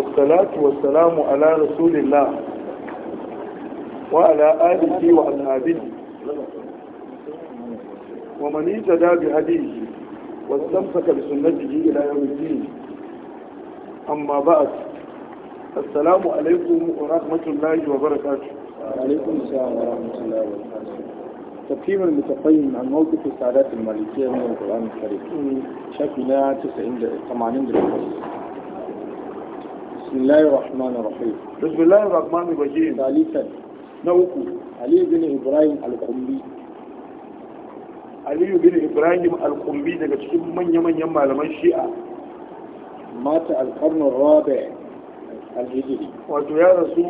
والصلاة والسلام على رسول الله وعلى آله وأصحابه ومن اهتدى بهديه واستمسك بسنته إلى يوم الدين أما بعد السلام عليكم ورحمة الله وبركاته وعليكم السلام ورحمة الله وبركاته تقييم المتقيم عن موقف السعادات المالكية من القرآن الكريم شكلها 90 80 درجة بسم الله الرحمن الرحيم بسم الله الرحمن الرحيم ثالثا نوكو علي بن إبراهيم القنبي علي بن إبراهيم القنبي daga cikin manya-manyan malaman shi'a mata alƙarnin rabe alhijiri wato ya rasu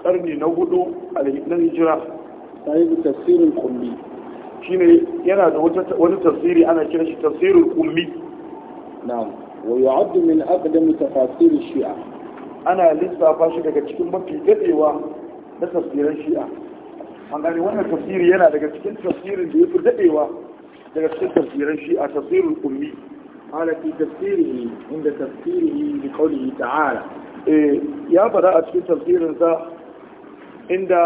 ƙarni na hudu na hijira sahibu tafsirin kumbi yana da wani tafsiri ana kira shi tafsirin kumbi na'am wa yu'addu min shi'a ana lissafa shi daga cikin mafi daɗewa na tafsirin shi'a an gani wannan tafsiri yana daga cikin tafsirin da ya fi daɗewa daga cikin tafsirin shi'a tafsirin ummi ala fi tafsirihi inda tafsirihi bi qawlihi ta'ala eh ya fada a cikin tafsirin sa inda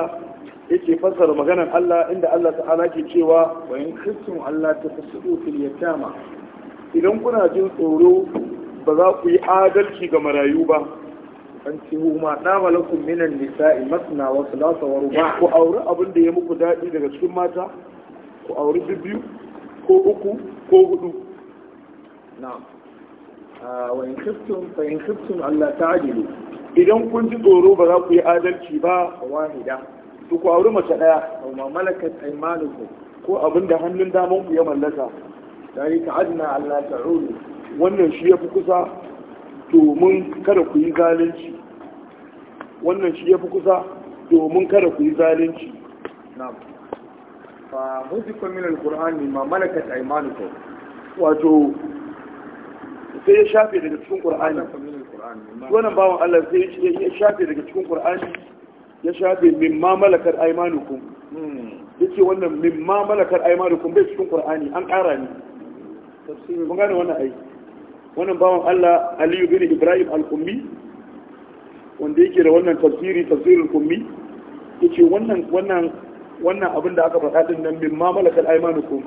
yake fassara maganar Allah inda Allah ta'ala ke cewa bayan wa in kuntum Allah tafsiru fil yatama idan kuna jin tsoro ba za ku yi adalci ga marayu ba fankihu ma dama lakum minan nisa'i masna wa thulatha wa ruba ku auri abin da ya muku daɗi daga cikin mata ku auri biyu ko uku ko hudu na'am ah, wa in khiftum fa in khiftum alla ta'dilu idan kun ji tsoro ba za ku yi adalci ba wahida to ku auri mace daya aw ma malakat aymanukum ko abin da hannun daman ku ya mallaka dalika adna alla ta'ulu wannan shi ya fi kusa domin kada ku yi zalunci wannan shi ya fi kusa domin kada ku yi zalunci na. fa muzikun min alqur'ani ma malakat aymanuka. wato sai ya shafe daga cikin qur'ani wannan bawon Allah sai ya shafe daga cikin qur'ani ya shafe min ma malakat aymanukum hmm. yace wannan min ma malakat aymanukum bai cikin qur'ani an ƙara ne mun gane wannan aiki wannan bawan Allah Aliyu bin Ibrahim al-Kummi wanda yake da wannan tafsiri tafsirin kummi yace wannan wannan wannan abin da aka faɗa din nan bin ma malakal aymanukum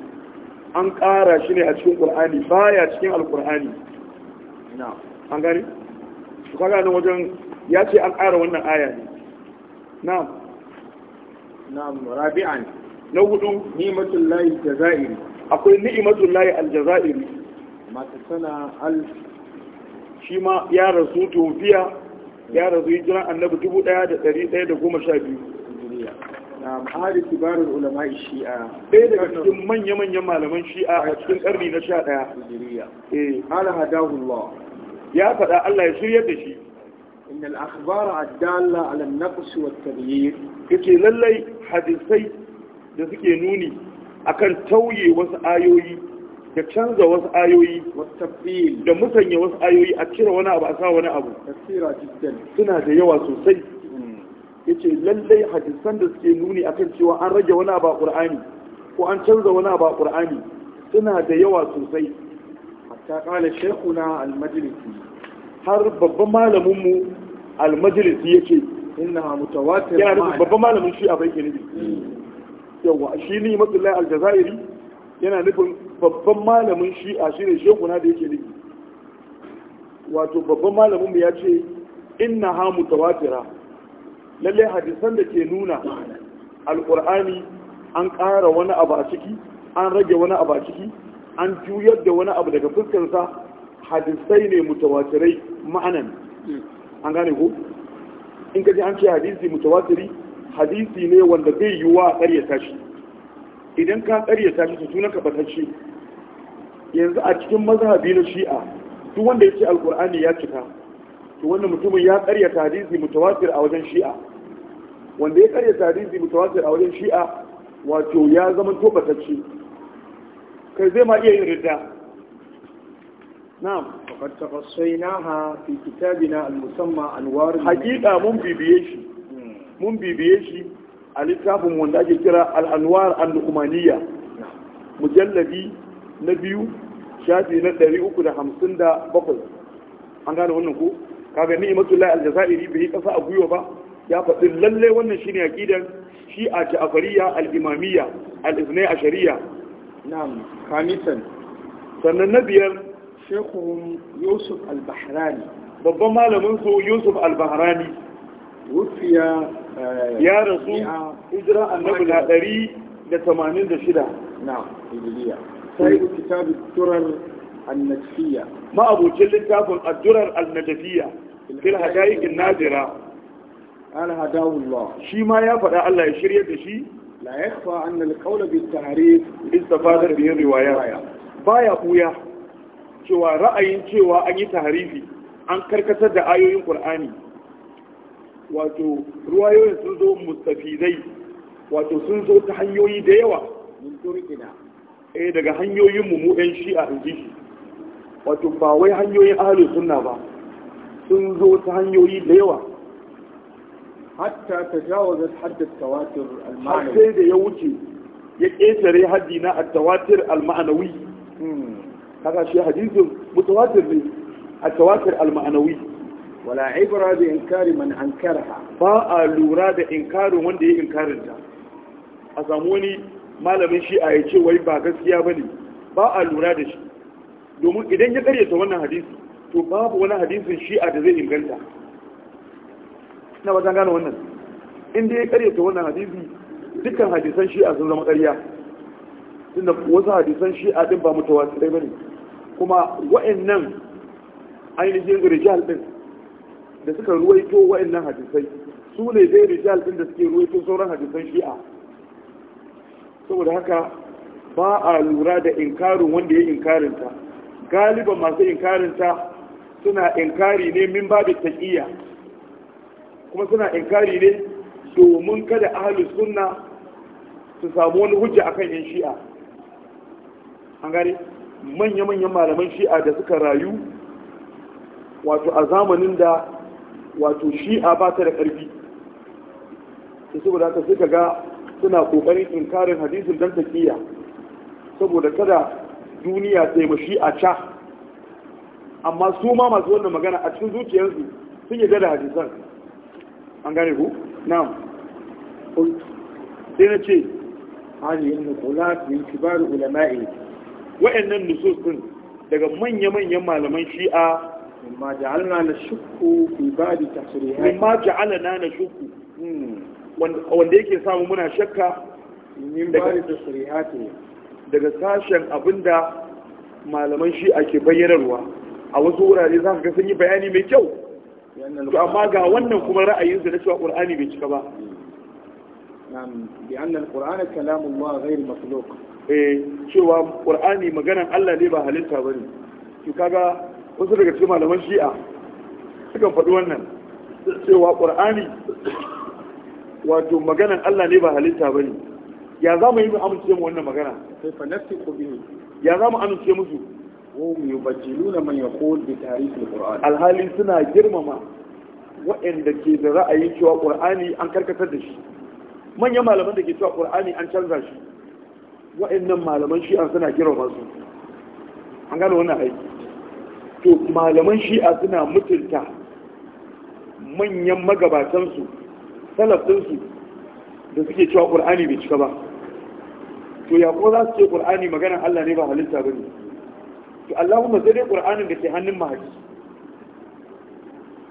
an ƙara shi ne a cikin Qur'ani baya cikin al-Qur'ani na'am an gani? to kaga nan wajen ya ce an ƙara wannan aya ne na'am na'am rabi'an na hudu ni lahi jazairi akwai ni'matul lahi al mata sana al shi ma ya rasu tofiya ya rasu hijiran annabi biyu. na hari kibarar ulama shi'a ɗaya daga cikin manya-manyan malaman shi'a a cikin ƙarni na sha ɗaya eh ala hadahullah ya faɗa Allah ya shirya da shi inna al-akhbar ad ala an-naqs wa at-taghyir yace lallai hadisai da suke nuni akan tauye wasu ayoyi da canza wasu ayoyi da musanya wasu ayoyi a cire wani abu a sa wani abu suna da yawa sosai hmm. Ya ce lallai hadisan da suke nuni akan cewa an rage wani abu a qur'ani ko an canza wani abu a qur'ani suna da yawa sosai A ta ƙala al-majlisi har babban malamin mu al-majlisi yace innaha mutawatir yana babban malamin hmm. shi a bai kenan yawa shi ne matsalai aljazairi yana nufin babban malamin shi'a shi ne shekuna da yake nufi wato babban malamin ya ce inna ha mutawatira lallai hadisan da ke nuna alkur'ani an ƙara wani abu a ciki an rage wani abu a ciki an juyar da wani abu daga fuskarsa hadisai ne mutawatirai ma'anan an gane ko in ka ji an ce hadisi mutawatiri hadisi ne wanda zai yiwuwa a ƙaryata shi idan ka karyata shi sunan ka batacce yanzu a cikin mazhabi na shi'a duk wanda ya ce alkur'ani ya cika to wannan mutumin ya karyata hadisi mutawatir a wajen shi'a wanda ya karyata hadisi mutawatir a wajen shi'a wato ya zama to batacce kai zai ma iya yin ridda na'am faqad tafassaynaha fi kitabina al-musamma anwar haqiqa mun bibiye shi hmm. mun bibiye shi a littafin wanda ake kira al'anwar al-nukumaniya Mujallabi na biyu shafi na 357 an gane wannan ko kaga ni imatullahi al-jazairi bai kasa a gwiwa ba ya faɗi lalle wannan shine aqidan shi a ja'fariya al'imamiya, imamiyya a ithnai na'am sannan na biyar shekhu yusuf al-bahrani babban malamin su yusuf al-bahrani wufiya eh, ya rasu hijira annabi na ɗari da tamanin da shida na hijiriya sai kitabin turar annajfiya ma'abucin littafin addurar annajfiya fil hadaiqin nadira قال هداه Shi ma ya يا Allah ya يشريه da shi la yakhfa anna al-qawl bil-ta'rif istifada bi riwayat baya buya cewa ra'ayin cewa an yi tahrifi an karkatar da ayoyin Qur'ani wato ruwayoyin sun zo mustafizai wato sun zo ta hanyoyi da yawa eh daga hanyoyin mu mu ɗan shi'a in ji wato ba wai hanyoyin ahlus sunna ba sun zo ta hanyoyi da yawa hatta tajawazat hadd at-tawatir al-ma'nawi sai da ya wuce ya ƙetare haddi na at-tawatir al-ma'nawi hmm. kaga shi hadisin mutawatir ne a tawatir al wala ibra bi inkari man ankaraha ba a lura da inkarin wanda ya inkarin ta a samu wani malamin shi a ya ce wai ba gaskiya ba ne. ba a lura da shi domin idan ya karyata wannan hadisi to babu wani hadisin shi'a da zai inganta na ba gane wannan inda ya karyata wannan hadisi dukkan hadisan shi'a sun zama karya tunda wasu hadisan shi'a din ba mutawatirai bane kuma wa'annan ainihin rijal din da suka ruwaito wa'annan hadisai su ne dai rijal din da suke ruwaito sauran hadisan shi'a saboda haka ba a lura da inkarin wanda ya ta galiban masu ta suna inkari ne min ba da taƙiyya kuma suna inkari ne domin kada ahalus sunna su samu wani hujja akan yan shi'a an gane manya-manyan malaman shi'a da suka rayu wato a zamanin da wato shi'a ba ta da ƙarfi su saboda haka suka ga suna ƙoƙarin inkarin hadisin don taƙiyya saboda kada duniya sai ma shi'a ca amma su ma masu wannan magana a cikin zuciyarsu sun yi da hadisan an gane ku na'am sai na ce da kula nukulat min kibar ulama'i wa'annan nusus daga manya-manyan malaman shi'a mimma ja'alna na shukku fi ba'di tasrihi mimma ja'alna na shukku wanda yake samu muna shakka min ba'di tasrihati daga sashen abinda malaman shi ake bayyanarwa a wasu wurare za ka ga sun yi bayani mai kyau to amma ga wannan kuma ra'ayinsa na cewa qur'ani bai cika ba nan bi annal qur'ana kalamullah ghayr makhluq eh cewa qur'ani maganan Allah ne ba halitta bane to kaga wasu daga cikin malaman shi'a sukan faɗi wannan cewa ƙur'ani wato maganan Allah ne ba halitta ba ne ya za mu yi mu amince mu wannan magana ya za mu amince musu man yaqul bi alhali suna girmama waɗanda ke da ra'ayin cewa qur'ani an karkatar da shi manyan malaman da ke cewa qur'ani an canza shi waɗannan malaman shi an suna girmama su an gano wannan aiki to malaman shi'a suna mutunta manyan magabatansu salafinsu da suke cewa ƙur'ani bai cika ba to ya ko za su ce ƙur'ani magana Allah ne ba halitta ba ne to kuma sai dai ƙur'anin da ke hannun mahaji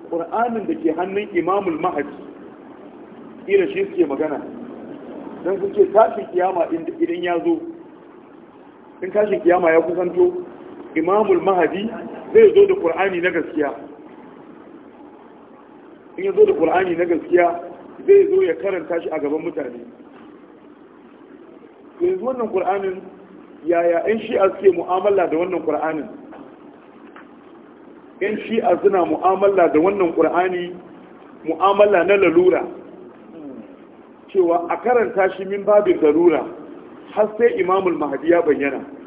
ƙur'anin da ke hannun imamul mahaji ira shi suke magana don su ce tashin kiyama idan ya zo in tashin kiyama ya kusanto imamul mahadi zai zo da ƙul'ani na gaskiya in ya zo da ƙur'ani na gaskiya zai zo ya karanta shi a gaban mutane yanzu wannan ƙur'anin yaya 'yan shi'a suke mu'amala da wannan ƙur'anin 'yan shi'a suna mu'amala da wannan ƙur'ani mu'amala na lalura cewa a karanta shi min babin lalura har sai imamul mahadi ya bayyana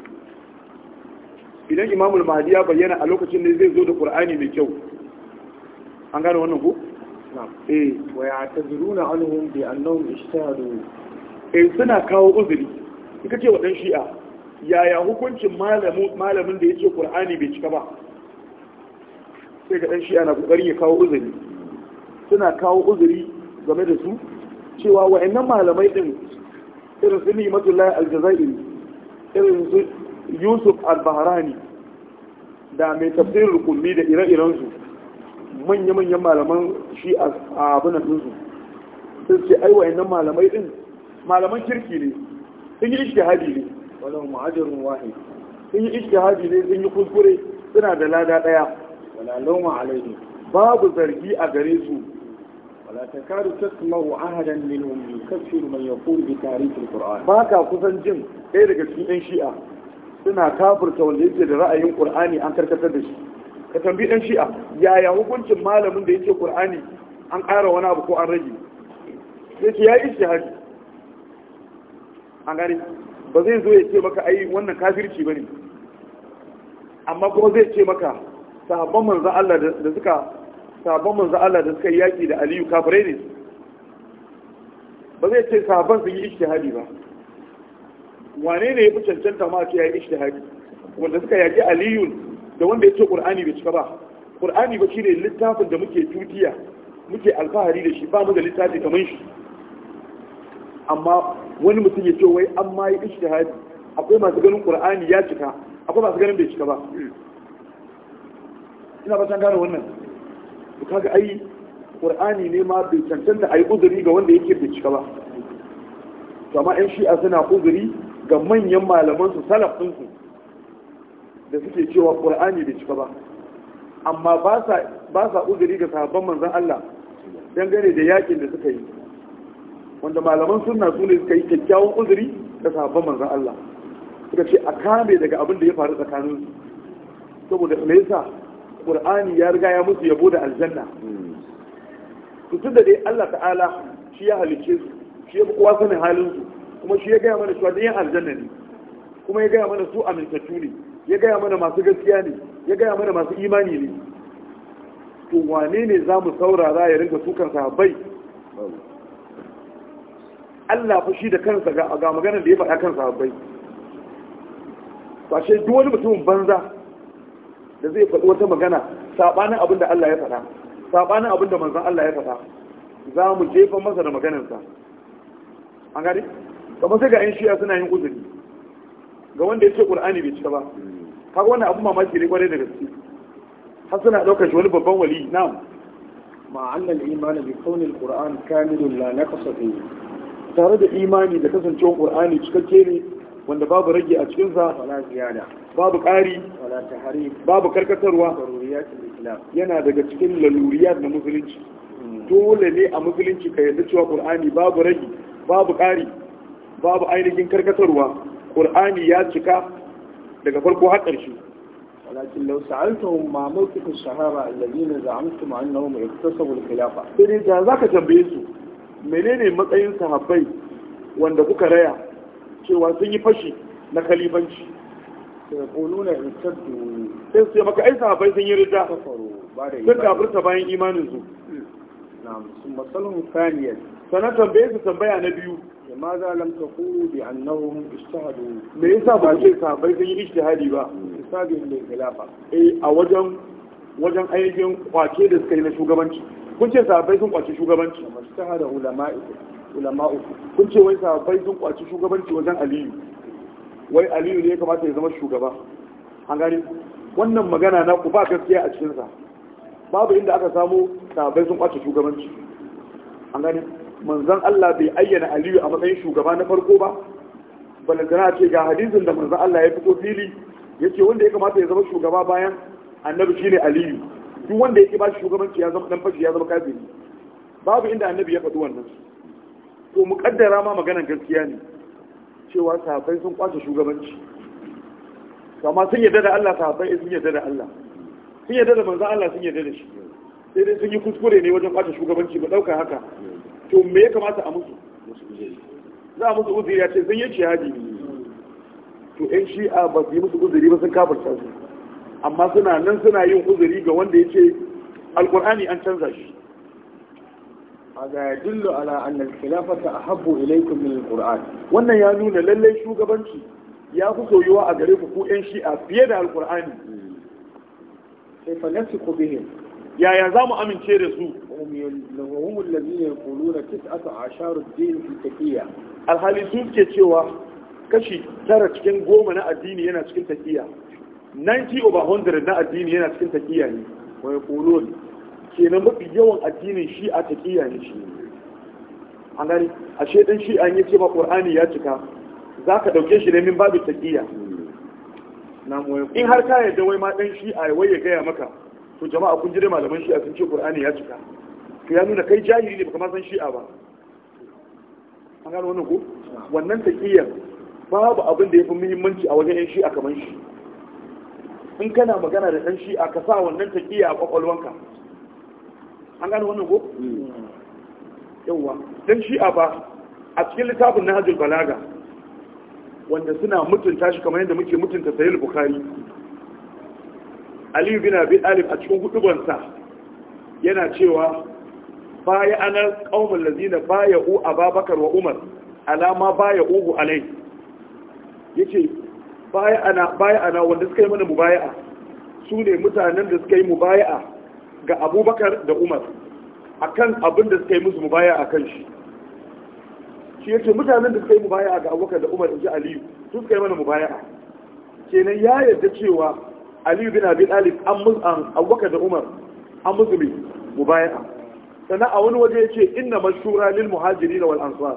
idan imamul mahdi ya bayyana a lokacin da zai zo da qur'ani mai kyau an gane wannan ku eh wa ya'taziruna anhum bi annahum ishtahadu eh suna kawo uzuri kika ce wa dan shi'a yaya hukuncin malamin malamin da yake qur'ani bai cika ba sai ga dan shi'a na kokarin ya kawo uzuri suna kawo uzuri game da su cewa wa'annan malamai din irin su ni matullahi aljazairi irin su yusuf al-bahrani da mai tafsirin kulli da ire-irensu manya-manyan malaman shi a abin su sun ce aiwa wa'annan malamai din malaman kirki ne sun yi ishtihadi ne walau ma'ajarun wahid sun yi ishtihadi ne sun yi kuskure suna da lada daya wala lauma alaihi babu zargi a gare su wala ta takaru tasma'u ahadan minhum mai man mai bi tarikh al-qur'an ba ka kusan jin ɗaya daga cikin yan shi'a suna kafirta wanda yake da ra'ayin qur'ani an karkatar da shi ka tambi dan shi'a yaya hukuncin malamin da yake qur'ani an ƙara wani abu ko an rage yake ya yi haji an gani ba zai zo ya ce maka ai wannan kafirci ba ne amma kuma zai ce maka sahabban manzo Allah da suka sahabban manzo Allah da suka yaki da Aliyu kafirai ne ba zai ce sahabban su yi ishtihadi ba wane ne ya fi cancanta ma ce ya yi ishtihadi wanda suka yaki aliyun da wanda ya ce qur'ani bai cika ba qur'ani ba shine littafin da muke tutiya muke alfahari da shi ba mu da littafi kamar shi amma wani mutum ya ce wai an ma yi ishtihadi akwai masu ganin qur'ani ya cika akwai masu ganin bai cika ba ina ba san gane wannan to kaga ai qur'ani ne ma bai cancanta yi uzuri ga wanda yake bai cika ba to amma 'yan shi'a suna uzuri ga manyan malaman su salafin su da suke cewa qur'ani bai cika ba amma ba sa uzuri ga sahabban manzon Allah dangane da yakin da suka yi wanda malaman sunna su suka yi kyakkyawan uzuri ga sahabban manzon Allah suka ce a kame daga abin da ya faru tsakanin su saboda me yasa qur'ani ya riga ya musu yabo da aljanna hmm. to tunda dai Allah ta'ala shi ya halice su shi ya kowa sanin halin su kuma shi ya gaya mana cewa duk aljanna ne kuma ya gaya mana su amintattu ne ya gaya mana masu gaskiya ne ya gaya mana masu imani ne to wane ne za mu saurara ya rinka sukan sahabbai Allah fa shi da kansa ga maganar da ya faɗa kan sahabbai fashe duk wani mutumin banza da zai faɗi wata magana saɓanin abin da Allah ya faɗa saɓanin abin da manzan Allah ya faɗa za mu jefa masa da maganarsa an gari? kamar sai ga yan shi'a suna yin uzuri ga wanda ya ce ƙul'ani bai cika ba kaga wannan abin mamaki ne kwarai da gaske har suna ɗaukar shi wani babban wali na'am ma annal imani bi kauni alquran kamilun la naqsa fihi tare da imani da kasancewar qur'ani cikakke ne wanda babu rage a cikin sa wala ziyada babu ƙari wala tahrif babu karkatarwa yana daga cikin laluriyat na musulunci hmm. dole ne a musulunci ka yarda cewa qur'ani babu rage babu ƙari babu ainihin karkatarwa qur'ani ya cika daga farko har ƙarshe walakin law sa'altahum ma mawqifus sahaba alladhina za'amtum annahum iktasabu al-khilafa sai dai, za ka tambaye su menene matsayin sahabbai wanda kuka raya cewa sun yi fashi na kalibanci sai quluna irtaddu sai su maka ai sahabbai sun yi rida sun kafirta bayan imanin su na'am sun sanatan bai su tambaya na biyu ماذا لم تقولوا bi اجتهدوا ما me yasa ba ce sahabbai با yi ijtihadi ba اي da وجن eh a wajen wajen kwace da suka yi na shugabanci kun ce sahabbai sun kwace shugabanci قاكي kun ce wai sahabbai kwace shugabanci wajen aliyu wai aliyu ne ya zama wannan magana na ku ba gaskiya a cikinsa babu inda aka samu sababai sun kwace shugabanci an gani manzon Allah bai ayyana Aliyu a matsayin shugaba na farko ba balantana ce ga hadisin da manzon Allah ya fito fili ce wanda ya kamata ya zama shugaba bayan annabi shine Aliyu duk wanda yake ba shugabanci ya zama dan fashi ya zama kafiri babu inda annabi ya faɗi wannan to mu kaddara ma maganar gaskiya ne cewa sahabbai sun kwace shugabanci amma sun yarda da Allah sahabbai sun yarda da Allah sun yarda da manzon Allah sun yarda da shi sai dai sun yi kuskure ne wajen kwace shugabanci ba ɗauka haka to me ya kamata a musu za a musu uziri ya ce sun yi jihadi to yan shi'a ba su yi musu uzuri ba sun kafarta su amma suna nan suna yin uzuri ga wanda ya ce alkur'ani an canza shi a ga ya dillo ala annal khilafata ahabbu ilaykum min wannan ya nuna lallai shugabanci ya fi soyuwa a gare ku ku yan shi'a fiye da alkur'ani sai fa yaya za mu amince da su alhali su ke cewa kashi tara cikin goma na addini yana cikin tafiya? 90 over 100 na addini yana cikin tafiya ne ne? Ke na mafi yawan addinin shi a taqiya ne shi an gani ashe dan shi an ce ba ƙorani ya cika Za ka dauke shi ne min babu tafiya. in har ka yadda wai ma ɗan shi a wai ya gaya maka to jama'a kun jire malaman shi'a sun ce qur'ani ya cika to ya nuna kai jahili ne baka ma san shi'a ba an gano wannan ko wannan taqiyyar babu abin da yafi muhimmanci a wajen yan shi'a kaman shi in kana magana da dan shi'a ka sa wannan taqiyya a kwakwalwanka an gano wannan ko yawa dan shi'a ba a cikin littafin nahjul balaga wanda suna mutunta shi kamar yadda muke mutunta sahih bukhari aliyu bin abi talib a cikin gudubansa yana cewa baya ana qaumul ladina baya'u ababakar wa umar alama baya'uhu alai yace baya ana baya ana wanda suka yi mana mubaya'a su ne mutanen da suka yi mubaya'a ga abubakar da umar akan abin da suka yi musu a kan shi shi yace mutanen da suka yi mubaya'a ga abubakar da umar inji aliyu su suka yi mana mubaya'a kenan ya yarda cewa aliyu bin abi talib an muzan da umar an muzumi mubaya'a sannan a wani waje yace inna mashura lil muhajirin wal ansar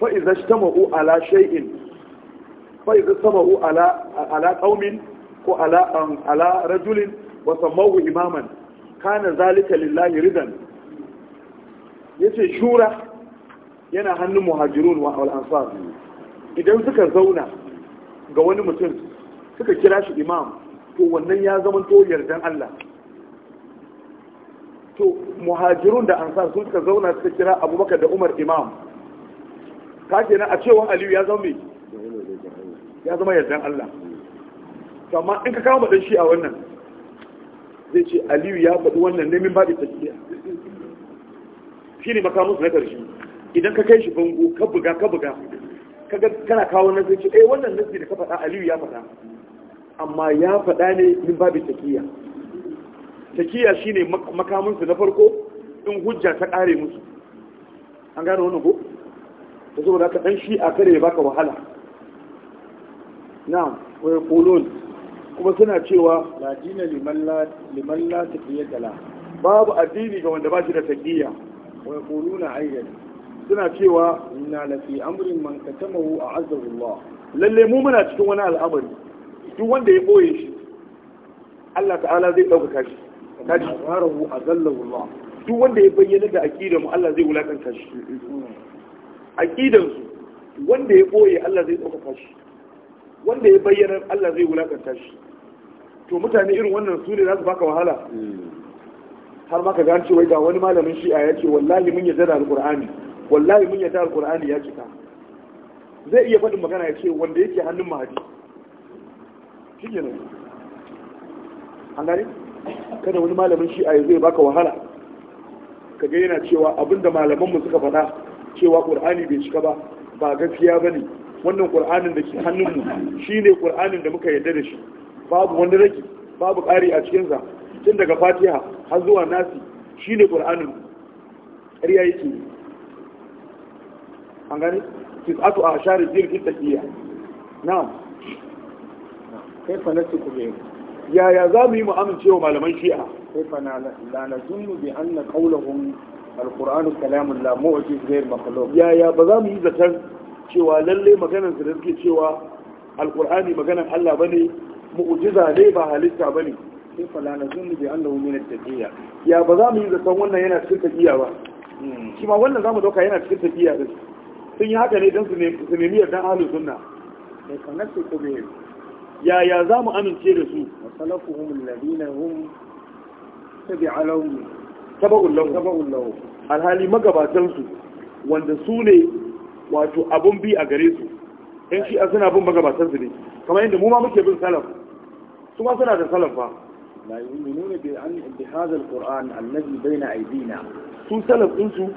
fa idza ijtama'u ala shay'in fa idza ijtama'u ala ala qaumin ko ala rajulin wasan sammahu imaman kana zalika lillahi ridan yace shura yana hannun muhajirun wal ansar idan suka zauna ga wani mutum suka kira shi imam to wannan ya zama to yardan Allah to muhajirun da ansar sun ka zauna suka kira abubakar da umar imam ka kenan a cewa aliyu ya zama ya zama yardan Allah amma in ka kama dan shi a wannan zai ce aliyu ya faɗi wannan neman baɗi tafiya shi ne makamus na ƙarshe idan ka kai shi bango ka buga ka buga kana kawo nan zai ce eh wannan nasi da ka faɗa aliyu ya faɗa amma ya faɗa ne in babin takiya takiya shine makaminsu na farko in hujja ta ƙare musu an gane wannan ko ta saboda ka ɗan shi a kare ya baka wahala na wai kolon kuma suna cewa ladina liman la takiya gala babu addini ga wanda ba shi da taƙiyya wai na ayyana suna cewa inna lafi amrin man katamahu a azzabullah lalle mu muna cikin wani al'amari duk wanda ya boye shi Allah ta'ala zai ɗaukaka shi kaji rarahu azallahu Allah duk wanda ya bayyana da aqidar mu Allah zai wulakanta shi aqidar su wanda ya boye Allah zai ɗaukaka shi wanda ya bayyana Allah zai wulakanta shi to mutane irin wannan su ne za su baka wahala har ma ka gane cewa ga wani malamin shi'a ya ce wallahi mun yarda da alqur'ani wallahi mun yarda da alqur'ani ya cika zai iya faɗin magana ya ce wanda yake hannun mahadi ne an gani? kada wani malamin shi'a ya zai baka wahala ka ga yana cewa abinda mu suka faɗa cewa ƙur'ani bai cika ba ba gaskiya ba ne wannan ƙur'anin da ke hannunmu shi ne ƙur'anin da muka yarda da shi babu wani rage babu ƙari a cikinsa tun daga fatiha har zuwa nasi shi ne ƙur'anin ƙarya yake an gani a na'am kai fa nasu kube yaya za mu yi mu amince wa malaman shi'a kai fa na la zunnu bi anna qawluhum alqur'anu kalamullah mu'jiz ghayr makhluq yaya ba za mu yi zaton cewa lalle maganar su da suke cewa alqur'ani maganar Allah bane mu'jiza ne ba halitta bane kai fa la zunnu bi hum min at-taqiyya ya ba za mu yi zaton wannan yana cikin taqiyya ba shi ma wannan zamu dauka yana cikin taqiyya din sun yi haka ne don su nemi yardan ahlus sunna kai fa su kube yaya za mu amince da su salafuhum alladhina hum tabi'alahum tabu'un lahu tabu'un lahu alhali magabatan su wanda su ne wato abun bi a gare su yan shi suna bin magabatan su ne kamar yadda mu ma muke bin salaf su ma suna da salaf ba la yu'minuna bi an bi hadha alquran alladhi bayna aydina su salaf din su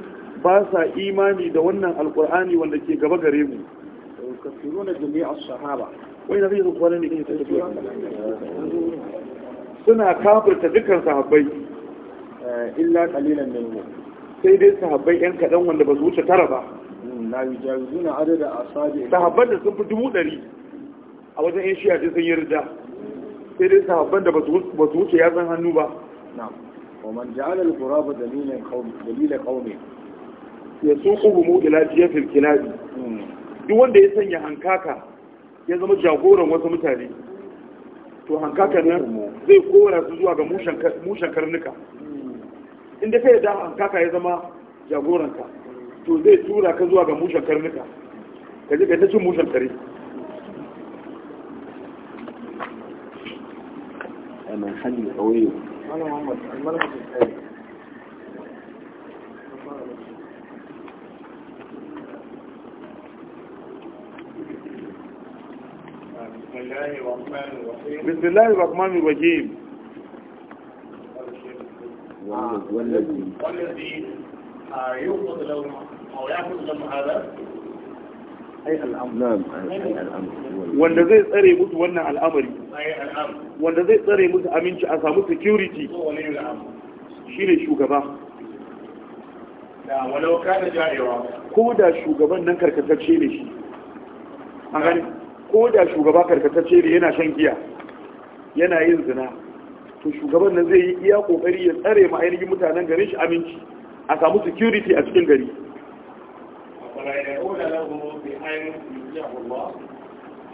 ba sa imani da wannan alqur'ani wanda ke gaba gare mu kafiruna jami'a sahaba wani zai zo kwanan ne ta tafiya suna kafirta dukkan sahabbai eh, illa qalilan minhum sai dai sahabbai yan kadan wanda ba su wuce tara ba na hmm, zuna adada sabi sahabban da sun fi dubu dari a wajen yan shiya sun yi rida sai dai sahabban da ba su wuce yatsan hannu ba na'am wa man ja'ala al-quraba dalilan qawmi dalila qawmi mu ila jiyafil kinabi hmm. duk wanda ya sanya hankaka ya zama jagoran wasu mutane to hankakan nan zai kora su zuwa ga mushen karnuka inda kai da hankaka ya zama jagoranka to zai tura ka zuwa ga mushen karnuka ka ji ta cin mushen kare بسم الله الرحمن الرحيم والذي والذي هذا wanda zai tsare musu wannan al'amari wanda zai tsare musu aminci a samu security shi ne shugaba ko da shugaban nan karkatacce ne shi an ko da shugaba karkatacce da yana shan giya yana yin zina to shugaban nan zai yi iya kokari ya tsare ma ainihin mutanen garin shi aminci a samu security a cikin gari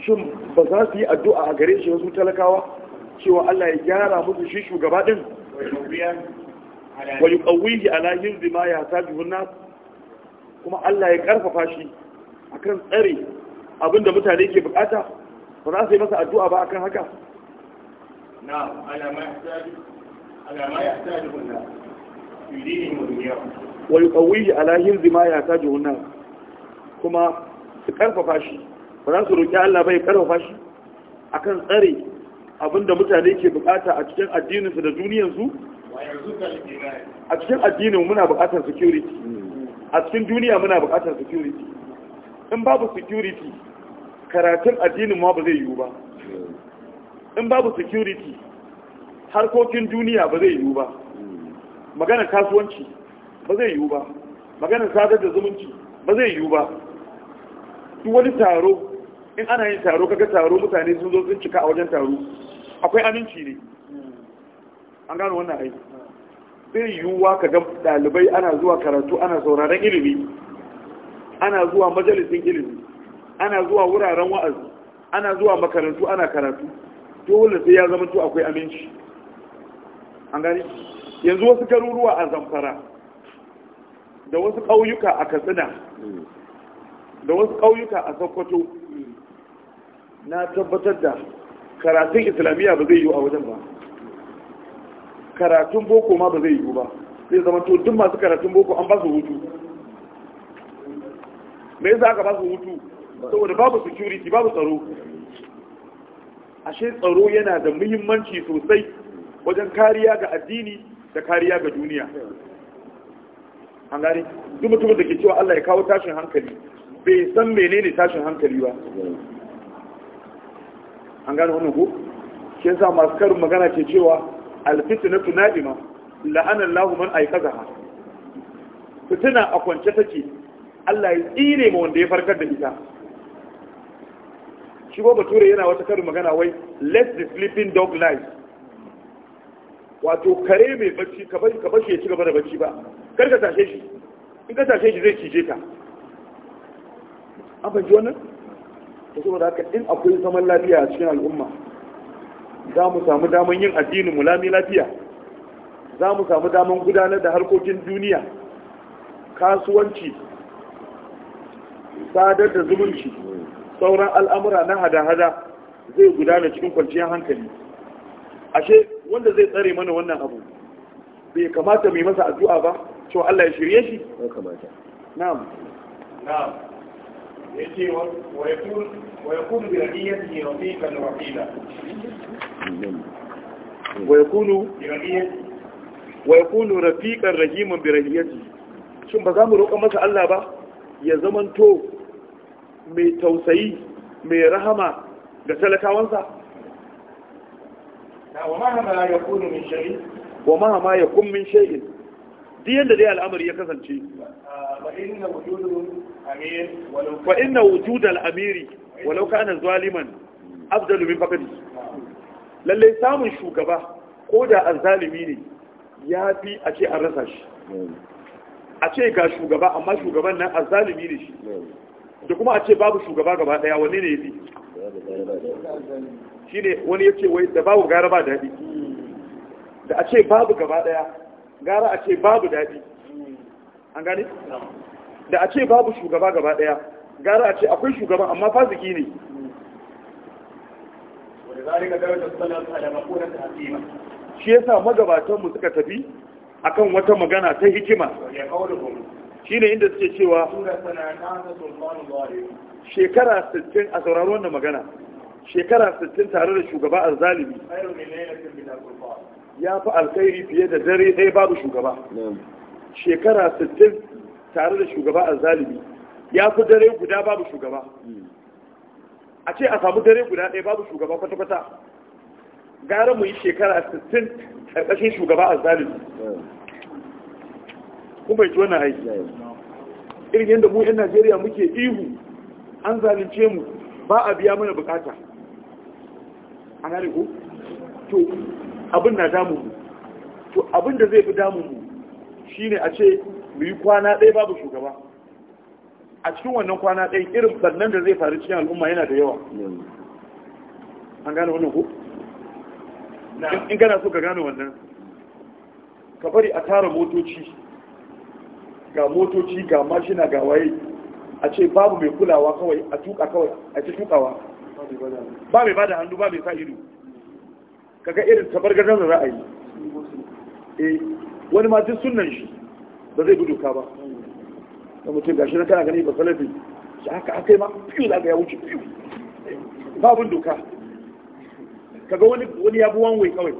shin ba za su yi addu'a a gare shi wasu talakawa cewa Allah ya gyara musu shi shugaba din wa yuqawwihi ala hizbi ma yahtajuhu nas kuma Allah ya karfafa shi akan tsare abinda mutane ke bukata ba za su yi masa addu'a ba akan haka na alama ya sa jihunna wa yi ƙauyi alahin zima ya sa jihunna kuma su karfafa shi ba za su roƙi Allah bai karfafa shi akan tsare abinda mutane ke bukata a cikin addininsu da duniyansu a cikin addinin muna bukatar security a cikin duniya muna bukatar security in babu security karatun addinin ma ba zai yiwu ba in babu security harkokin duniya ba zai yiwu ba maganar kasuwanci ba zai yiwu ba maganar sadar da zumunci ba zai yiwu ba duk wani taro in ana yin taro kaga taro mutane sun zo sun cika a wajen taro akwai aminci ne an gano wannan aiki zai yiwuwa ka ga dalibai ana zuwa karatu ana sauraron ilimi ana zuwa majalisin ilimi ana zuwa wuraren wa'azi ana zuwa makarantu ana karatu wanda sai ya zama to akwai aminci an gani yanzu wasu garuruwa a zamfara da wasu ƙauyuka a katsina da wasu ƙauyuka a sokoto na tabbatar da karatun islamiyya ba zai yi a wajen ba karatun boko ma ba zai yi ba zai zama to duk masu karatun boko an ba su hutu me yasa aka ba su hutu saboda babu security babu tsaro ashe tsaro yana da muhimmanci sosai wajen kariya ga addini da kariya ga duniya hangari duk mutumin da ke cewa Allah ya kawo tashin hankali bai san menene tashin hankali ba hangari wannan ko ke sa masu karin magana ke cewa alfitnatu nadima la'ana lahu man aikazaha fitina a kwance take Allah ya tsire ma wanda ya farkar da ita shi ba bature yana wata karin magana wai let the sleeping dog lie wato kare mai bacci ka bashi ya ci gaba da bacci ba kar ka tashe shi in ka tashe shi zai cije ka an fahimci wannan to da haka in akwai zaman lafiya a cikin al'umma za mu samu daman yin addinin mu lami lafiya za mu samu daman gudanar da harkokin duniya kasuwanci sadar da zumunci sauran al'amura na hada-hada zai gudana cikin kwanciyar hankali ashe wanda zai tsare mana wannan abu bai kamata mai masa addu'a ba cewa Allah ya shirye shi ya kamata na'am na'am ce wa ya yakun wa yakun bi radiyatihi rafiqan rafida wa yakunu bi radiyatihi wa yakunu rafiqan rahiman bi radiyatihi shin ba za mu roƙa masa Allah ba ya zamanto mai tausayi mai rahama ga talakawansa wa mahama ya kun min shay'in duk yadda dai al'amari ya kasance wa ah, inna wujud al'amiri amiri walau ana zaliman afdalu min fakadi ah. Lallai samun shugaba ko da azalimi ne ya fi a ce an rasa shi hmm. a ce ga shugaba amma shugaban nan azzalimi ne shi da kuma a ce babu shugaba gaba daya wanne ne yafi ne wani ce wai da babu gara ba daɗi. da a ce babu gaba daya gara a ce babu daɗi. an gani. da a ce babu shugaba gaba daya gara a ce akwai shugaba amma fasiki ne shi ya sa magabatanmu suka tafi akan wata magana ta hikima Shi ne inda suke cewa shekara 60 a sauraron da magana shekara 60 tare da shugaba a zalibi. ya fi alkairi fiye da dare ɗaya babu shugaba shekara 60 tare da shugaba a zalibi. ya fi dare guda babu shugaba hmm. a ce a samu dare guda ɗaya babu shugaba kwata-kwata gara mu yi shekara 60 ƙarƙashin shugaba a zalim kuma bai ci wannan aiki irin yadda mu 'yan najeriya muke ihu an zalunce mu ba a biya mana bukata a gane ko to abin na damu mu to abin da zai fi damu mu shine a ce mu yi kwana ɗaya babu shugaba a cikin wannan kwana ɗaya irin sannan da zai faru cikin al'umma yana da yawa an gane wannan ko in gana so ka gane wannan ka bari a tara motoci ga motoci ga mashina ga waye a ce babu mai kulawa kawai a tuka kawai a ce tukawa ba mai bada hannu ba mai sa ido kaga irin tabargazan da ra'ayi eh wani ma duk sunan shi ba zai gudu ka ba da mutum gashi na kana gani ba salafi shi haka aka yi ma fiye da ya wuce fiye babun doka kaga wani wani ya bi wanwai kawai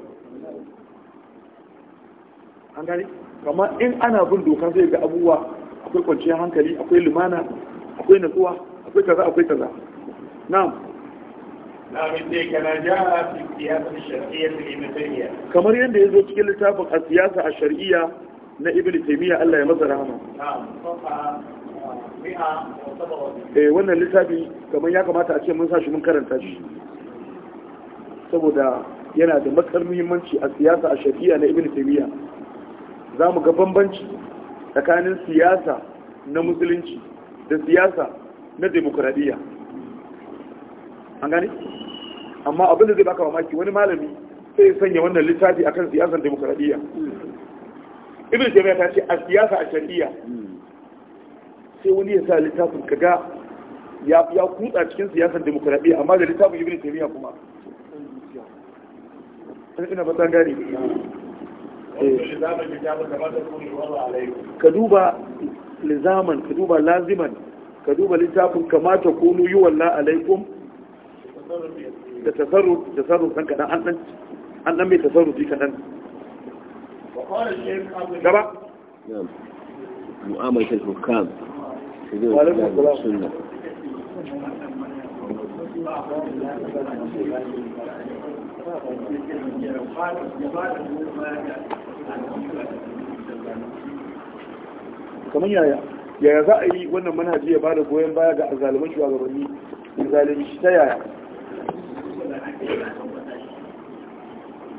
an gani amma in ana bin doka zai ga abubuwa akwai kwanciyar hankali akwai lumana akwai natsuwa akwai kaza akwai kaza na'am kamar yadda ya zo cikin littafin a siyasa a shari'a na ibn taimiyya Allah ya masa rahama eh wannan littafi kamar ya kamata a ce mun sa shi mun karanta shi saboda yana da matsar muhimmanci a siyasa a shafiya na ibn taymiya za mu ga bambanci tsakanin siyasa na musulunci da siyasa na demokradiyya an gani amma abin da zai baka mamaki wani malami sai sanya wannan littafi akan siyasar demokradiyya ibn taymiya ta ce a siyasa a shafiya, sai wani ya sa littafin kaga ya kutsa cikin siyasar demokradiyya amma da littafin ibn taymiya kuma ina ba ta gane ka duba lizaman ka duba laziman ka duba littafin kamata kunu yi walla alaikum da tasarruf kan dan kadan an dan an dan mai tasarrufi kadan gaba mu'amalat al-hukam wa alaikum assalam kamar yaya yaya za a yi wannan manhaji ya bada goyon baya ga azaliman shugabanni shi ta yaya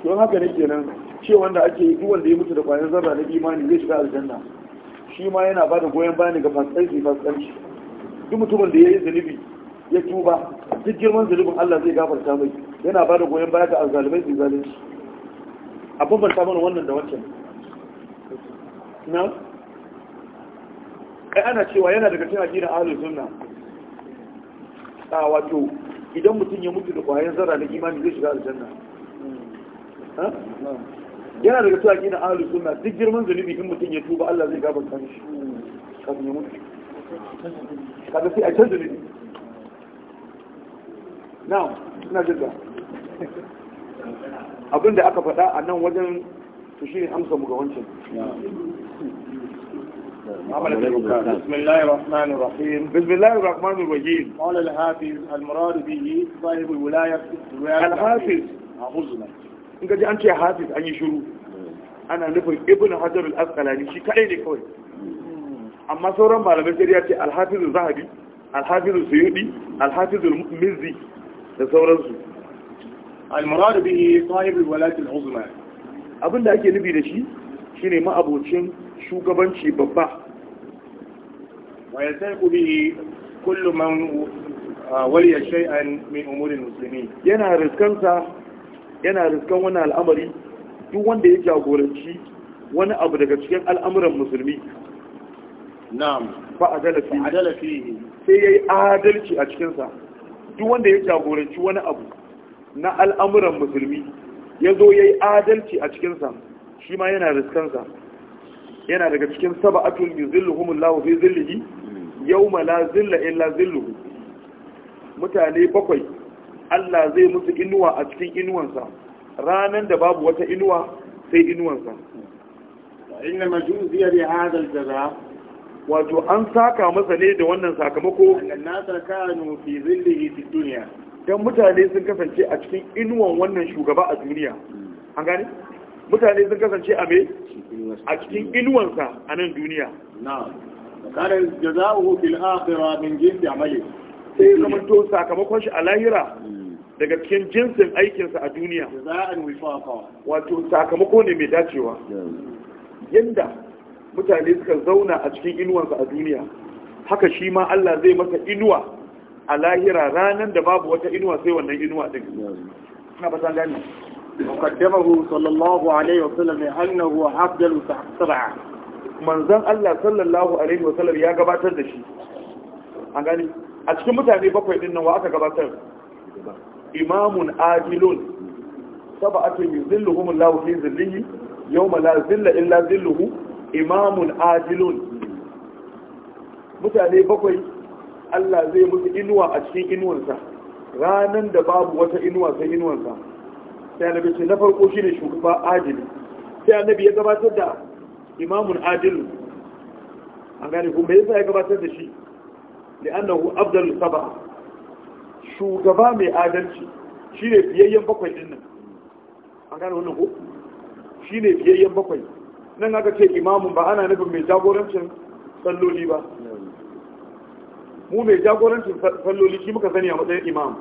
don haka ne kenan ce wanda ake yi duk wanda ya mutu da kwanan zarra na imani zai shiga aljanna shi ma yana ba da goyon bayani ga fasikanci fasikanci duk mutumin da ya yi zunubi ya tuba duk girman zunubin Allah zai gafarta mai yana ba da goyon baya ga azalimai su zalunci a ban mana wannan da wancan na ai ana cewa yana daga cikin aƙidar ahlus sunna a wato idan mutum ya mutu da ƙwayar zara na imani zai shiga aljanna yana daga cikin aƙidar ahlus sunna duk girman zunubi in mutum ya tuba Allah zai gafarta shi kafin ya mutu kaga sai a can zunubi na'am ina jirga abinda aka faɗa a nan wajen to shi ne amsa mu ga wancan بسم الله الرحمن الرحيم بسم الله الرحمن الرحيم قال الحافظ المراد به صاحب الولاية الحافظ أعوذنا إنك جاء أنت يا حافظ أن يشرو أنا نفر ابن حجر الأسقلاني شي كأيني كوي أما سورة ما لم يجري الحافظ الذهبي الحافظ السيودي الحافظ المزي da sauransu al-murad bihi sahib al-walati al-uzma abinda ake nubi da shi shine ma'abocin shugabanci babba wa ku bihi kullu man uh, waliya shay'an min umuri muslimin yana riskansa yana riskan wani al'amari duk wanda ya jagoranci wani abu daga cikin al'amuran musulmi na'am fa adala fihi sai yayi adalci a cikinsa duk wanda ya jagoranci wani abu na al'amuran musulmi ya zo ya yi adalci a cikinsa shi ma yana riskansa yana daga cikin saba'atul yuzilluhum Allahu fi zillihi ma la zilla illa zilluhu mutane bakwai Allah zai mutu inuwa a cikin inuwansa ranan da babu wata inuwa sai inuwansa inna majuziyar ya hadal jaza wato an saka masa ne da wannan sakamako don mutane sun kasance a cikin inuwan wannan shugaba a duniya an gane mutane sun kasance a me a cikin inuwansa a nan duniya kare jaza'uhu fil akhirah min jinsi amali sai kuma to sakamakon shi a lahira hmm. daga cikin jinsin aikinsa a duniya jaza'an wifaqa wato sakamako ne mai dacewa hmm. yanda mutane suka zauna a cikin inuwansa a duniya haka shi ma Allah zai masa inuwa a lahira ranar da babu wata inuwa sai wannan inuwa ɗin. na ba san gani muqaddamahu sallallahu alaihi wa sallam annahu afdalu sab'a manzon Allah sallallahu alaihi wa sallam ya gabatar da shi an gani a cikin mutane bakwai din nan wa aka gabatar imamun adilun sab'atun yuzilluhum Allahu fi zillihi yawma la zilla illa zilluhu imamun ajilun mutane bakwai Allah zai musu inuwa a cikin inuwansa ranan da babu wata inuwa sai inuwansa sai na ce na farko shine shugaba ajili sai annabi ya gabatar da imamun ajilun an gane kuma yasa ya gabatar da shi li'annahu afdalu sab'a shugaba mai adalci shine fiyayyen bakwai dinnan an gane wannan ko shine fiyayyen bakwai nan aka ce imamun ba ana nufin mai jagorancin salloli ba mu mai jagorancin salloli shi muka sani a matsayin imam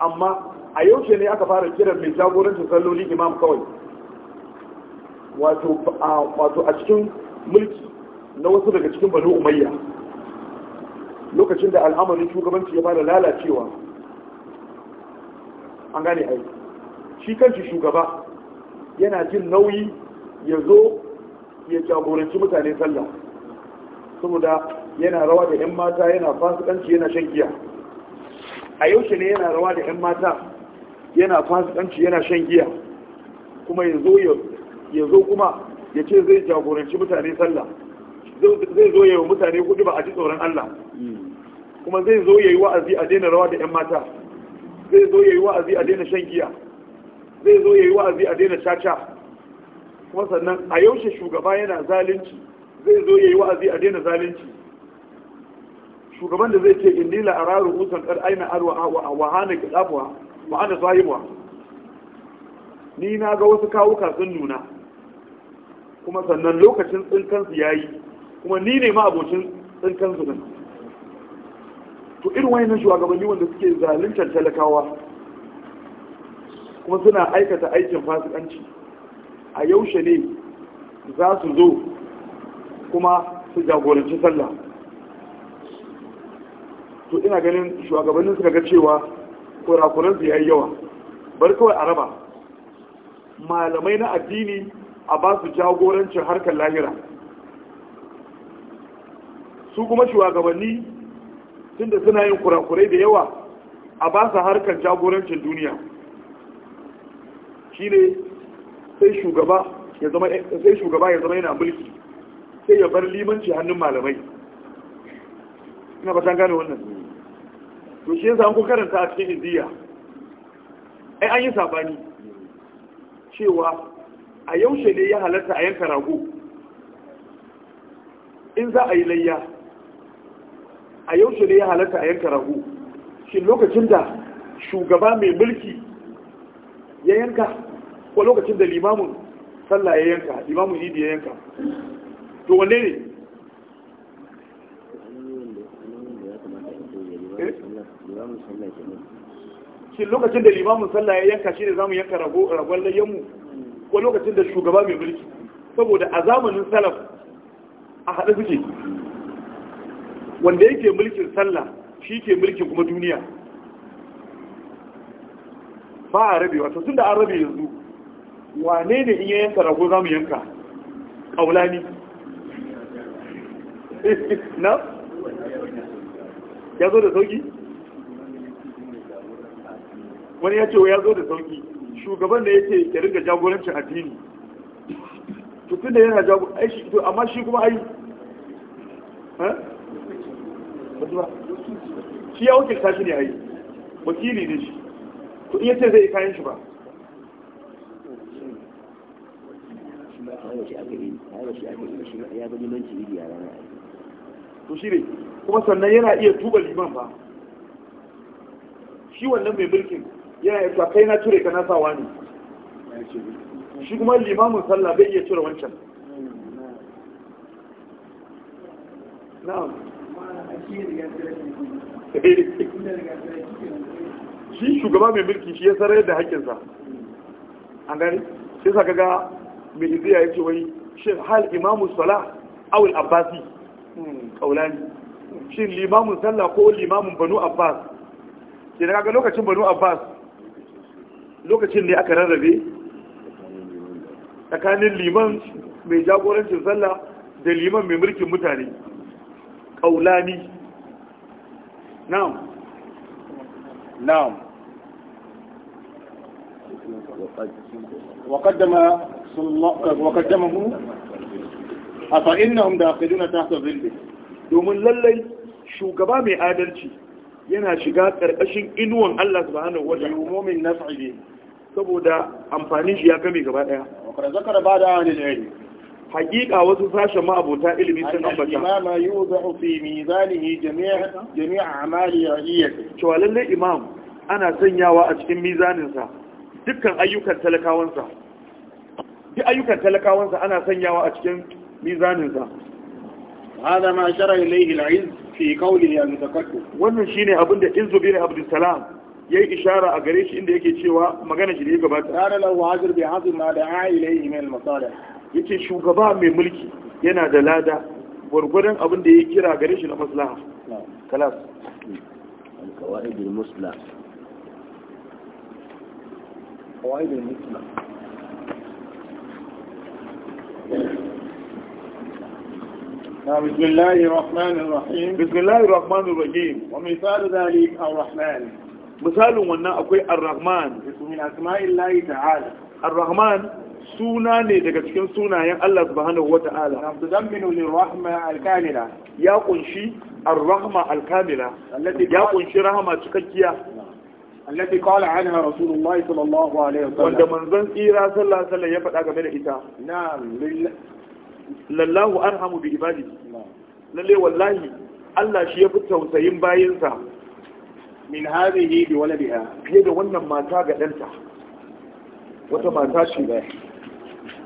amma a yaushe ne aka fara kiran mai jagorancin salloli imam kawai wato a cikin mulki na wasu daga cikin banu umayya lokacin da al'amarin shugabanci ya fara lalacewa an gane aiki shi kanci shugaba yana jin nauyi ya zo ya jagoranci mutane sallah saboda yana rawa da 'yan mata yana fasikanci yana shan giya a yaushe ne yana rawa da 'yan mata yana fasikanci yana shan giya kuma ya zo kuma ya ce zai jagoranci mutane sallah zai zo yawa mutane kudi ba a ji tsoron Allah kuma zai zo yayi wa'azi a daina rawa da 'yan mata zai zo yayi wa'azi a daina shan giya zai zo ya yi wa'azi a daina caca kuma sannan a yaushe shugaba yana zalunci zai zo ya yi wa'azi a daina zalunci shugaban da zai ce inni la araru usan kar aina arwa wa hana kidafuwa wa ana sahibuwa ni na ga wasu kawuka sun nuna kuma sannan lokacin tsinkansu ya yi kuma ni ne ma abocin tsinkansu din to irin wayannan shugabanni wanda suke zaluntar talakawa kuma suna aikata aikin fasikanci a yaushe ne za su zo kuma su jagoranci sallah to ina ganin shugabannin suka ga cewa kurakuran su yayi yawa bar kawai a raba malamai na addini a ba su jagorancin harkar lahira su kuma shugabanni tunda suna yin kurakurai da yawa a ba su harkar jagorancin duniya shine sai shugaba ya zama sai shugaba ya zama yana mulki sai ya bar limanci hannun malamai ina ba ta gane wannan to shi yasa an ku karanta a cikin indiya ai an yi sabani cewa a yaushe ne ya halatta a yanka rago in za a yi layya a yaushe ne ya halatta a yanka rago shi lokacin da shugaba mai mulki ya yanka ko lokacin da limamin sallah ya yanka limamin idi ya yanka to wanne ne eh? shi lokacin da limamin sallah ya yanka shi ne za mu yanka ragon layyanmu ko lokacin da shugaba mai mulki saboda a zamanin salaf a haɗe suke wanda yake mulkin sallah shi ke mulkin kuma duniya ba a rabewa to tun da an rabe yanzu wane ne iya yanka rago za mu yanka ƙaulani na? ya zo da sauki? wani ya ce wa ya zo da sauki shugaban da ya ce ya riga jagorancin addini tutun da yana jagorancin to amma shi kuma ai shi ya wakilta tashi ne ai wakili ne shi to iya ce zai kayan shi ba ai shi aka yi ai shi aka yi shi ya ga limanci idi a ranar to shi ne kuma sannan yana iya tuba liman ba shi wannan mai mulkin yana iya kai na cire ka na sawa ne shi kuma limamin sallah bai iya cire wancan na'am shi shugaba mai mulki shi ya sarar da haƙƙinsa an gani sai sa kaga mai iziya ya ce wai shin hal imamu sala awul abbasi hmm, kaulani shin limamun sallah ko limamun banu abbas ke da kaga lokacin banu abbas lokacin ne aka rarrabe tsakanin liman mai jagorancin sallah da liman mai mulkin mutane kaulani na'am na'am وقدم وقدمه أفإنهم داخلون تحت ظله domin lallai shugaba mai adalci yana shiga ƙarƙashin inuwan Allah subhanahu wa ta'ala umumin naf'i saboda amfanin shi ya game gaba daya haƙiƙa wasu sashen ma'abota ilimi sun ambata imam yuzahu fi mizanihi jami'a jami'a amali ra'iyyati cewa lallai imam ana sanyawa a cikin mizaninsa dukkan ayyukan talakawansa duk ayyukan talakawansa ana sanyawa a cikin mizaninsa hada ma shara ilayhi al'iz fi qawlihi an takaddu wannan shine abin da Izzu bin Abdul Salam yayi ishara a gare shi inda yake cewa magana shi da ya gabata qala lahu ajr bi hadhi ma da'a ilayhi min al-masalih yace shugaba mai mulki yana da lada gwargwadon abin da ya kira gare shi na maslaha kalas al-qawaid al-muslah فوائد النسبة آه، بسم الله الرحمن الرحيم بسم الله الرحمن الرحيم ومثال ذلك الرحمن مثال من أقول الرحمن بسم الأسماء الله تعالى الرحمن سونا نيدك تكون سونا يا الله سبحانه وتعالى نبتدمن نعم، للرحمة الكاملة يا قنشي الرحمة الكاملة التي يا قنشي رحمة تكتيا التي قال عنها رسول الله صلى الله عليه وسلم وعند منزل إيرا صلى الله عليه وسلم يفتح قبل إيتا نعم لله أرحم بعباده لله والله الله شي يفتح وسيم باينسا da wannan mata ga danta wata mata ce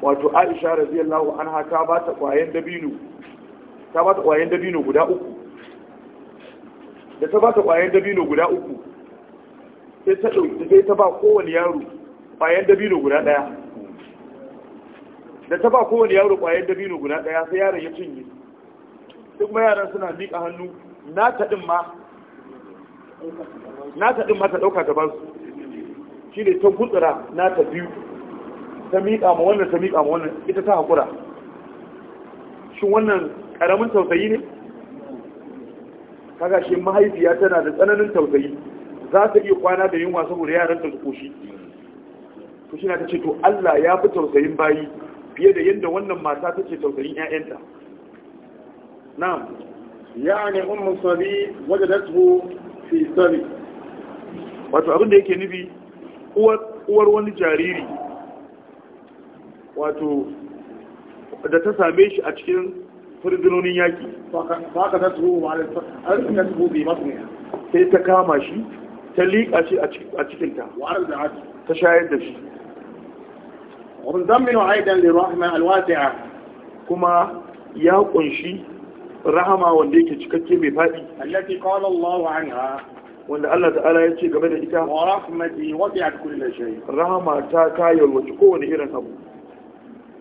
wato Aisha radiyallahu anha ta ba ta kwayen dabino ta ba ta kwayen dabino guda uku da ta ba ta kwayen dabino guda uku sai ta ɗauki sai ta ba kowane yaro ƙwayen dabino guda ɗaya da ta ba kowane yaro ƙwayen dabino guda ɗaya sai yaron ya cinye Duk ma yaran suna miƙa hannu na taɗin ma na taɗin ma ta ɗauka gaban su shi ne ta gutsura na ta biyu ta miƙa ma wannan ta miƙa ma wannan ita ta haƙura shin wannan ƙaramin tausayi ne kaga shi mahaifiya tana da tsananin tausayi za ta iya kwana da yunwa saboda yaran ta shi to shi na ta ce to Allah ya fi tausayin bayi fiye da yadda wannan mata ta ce tausayin 'ya'yanta na'am yani ummu sabi wajadatu fi sabi wato abin da yake nufi uwar wani jariri wato da ta same shi a cikin firzinonin yaki sai ta kama shi ta liƙa shi a cikinta ta shayar da shi zammin aidan da rahama alwati'a kuma ya kunshi rahama wanda yake cikakke mai faɗi allati qala Allahu anha wanda Allah ta'ala ya ce game da ita wa rahmati wasi'at kulli shay rahama ta kayar wace kowane irin abu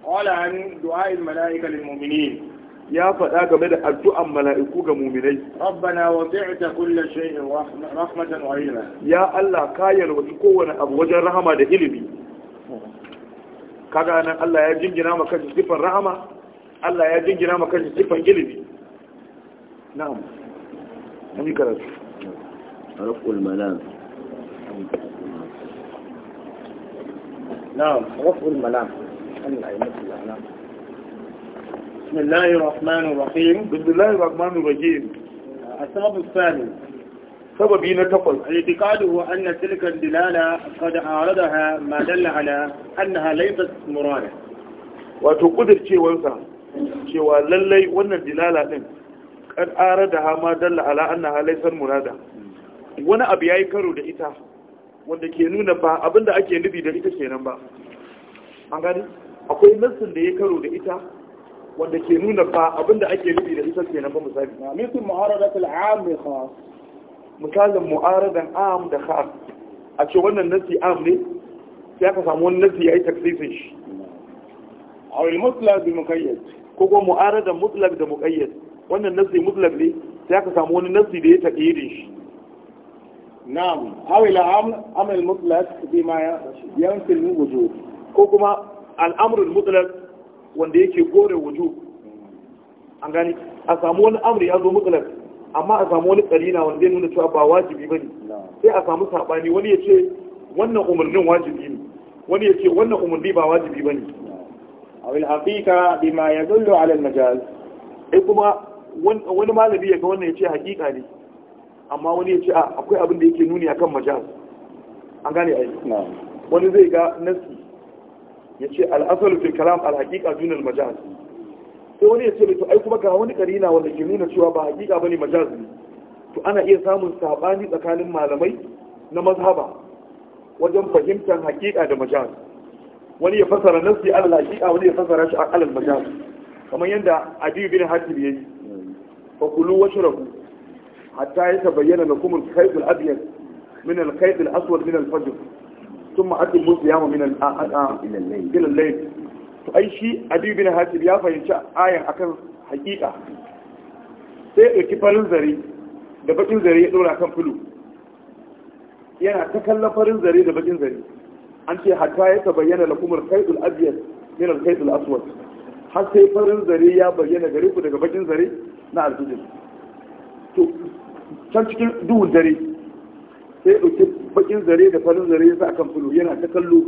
qala an du'a al mala'ika lil mu'minin ya faɗa game da addu'an mala'iku ga muminai. Rabbana wa bi'ta kulla shay'in rahmatan wa ilma. Ya Allah ka yalwaci kowane abu wajen rahama da ilimi. Kaga nan Allah ya jingina maka sifan rahama, Allah ya jingina maka sifan ilimi. Na'am. An yi karatu. Raf'ul malam. Na'am, raf'ul malam. Allah ya mutu la'ana. بسم الله الرحمن الرحيم بسم الله الرحمن الرحيم السبب الثاني سببي نتقل اعتقاده أن تلك الدلالة قد عارضها ما دل على أنها ليست مرادة وتقدر شيء وانسى شيء للي وان الدلالة قد عارضها ما دل على أنها ليست مرادة وانا أبي أي كرو لإتا wanda ke nuna ba abinda ake nufi da ita kenan ba an gani akwai nassin da ya karo da ita wanda ke nuna fa abinda ake nufi da ita kenan ba misali misal mu'aradat al-am bi khas misalin mu'aradan am da khas a ce wannan nasi am ne sai aka samu wani nasi yi taksisin shi A wani mutlaq bi muqayyad ko ko mu'aradan mutlaq da muqayyad wannan nasi mutlaq ne sai aka samu wani nasi da ya taqyidin shi na'am aw al-am am al-mutlaq bima yanfil wujud ko kuma al-amru wanda yake gore wuju an gani a samu wani amri ya zo mutsalar amma a samu wani karina wanda ya nuna cewa ba wajibi ba ne sai a samu saɓani wani ya ce wannan umarnin wajibi ne wani ya ce wannan umarni ba wajibi ba ne a wil haƙiƙa bi ma ya zullo alal majal sai kuma wani malami ya ga wannan ya ce haƙiƙa ne amma wani ya ce akwai abin da yake nuni akan majal an gane ai wani zai ga nasi ya ce al'asalu fil kalam al junar dun sai wani ya ce to ai kuma ga wani karina wanda ke nuna cewa ba haƙiƙa bane majaz ne to ana iya samun saɓani tsakanin malamai na mazhaba wajen fahimtar haƙiƙa da majaz wani ya fasara nasi ala haqiqa wani ya fasara shi alal majaz kamar yadda adi bin hatib yayi fa kulu washrabu hatta yatabayyana lakum al-khayt al-abyad min al-khayt al-aswad min al-fajr ثم أتم الصيام من إلى الليل to ai shi Aliyu bin Hatib ya fahimci ayan akan hakika sai ya farin zare da bakin zare ya ɗora kan fulu yana ta kallon farin zare da bakin zare an ce hatta ya ta bayyana kuma kaidul har sai farin zare ya bayyana gare ku daga bakin zare na aljujin to can cikin duhun dare sai ɗauki bakin zare da farin zare ya sa akan fulu yana ta kallo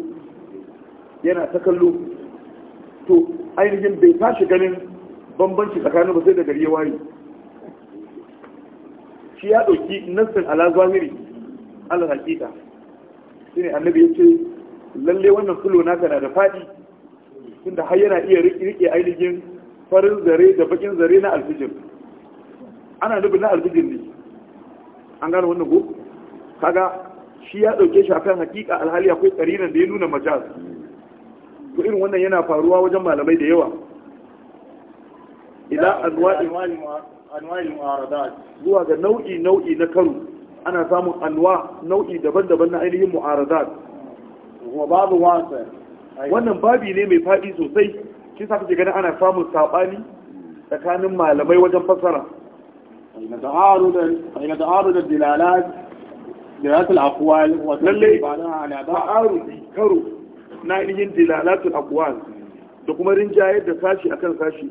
yana ta kallo to ainihin bai tashi ganin bambanci tsakanin ba sai da gari ya waye shi ya ɗauki nassin ala zahiri ala hakika shine annabi ya ce lalle wannan fulo naka na da faɗi tunda har yana iya rike ainihin farin zare da bakin zare na alfijir ana nufin na alfijir ne an gane wannan gobe kaga shi ya dauke shi akan hakika alhali akwai tsarinan da ya nuna majaz to irin wannan yana faruwa wajen malamai da yawa ila anwa'i anwa'i mu'aradat zuwa ga nau'i nau'i na karu ana samun anwa nau'i daban-daban na ainihin mu'aradat wa babu wasa wannan babi ne mai fadi sosai shi sa kake ganin ana samun sabani tsakanin malamai wajen fassara aina ta'arud aina ta'arud dilalat dilalatul aqwal wa ala ba karo na yin dilalatul aqwal da kuma rinjayar da sashi akan sashi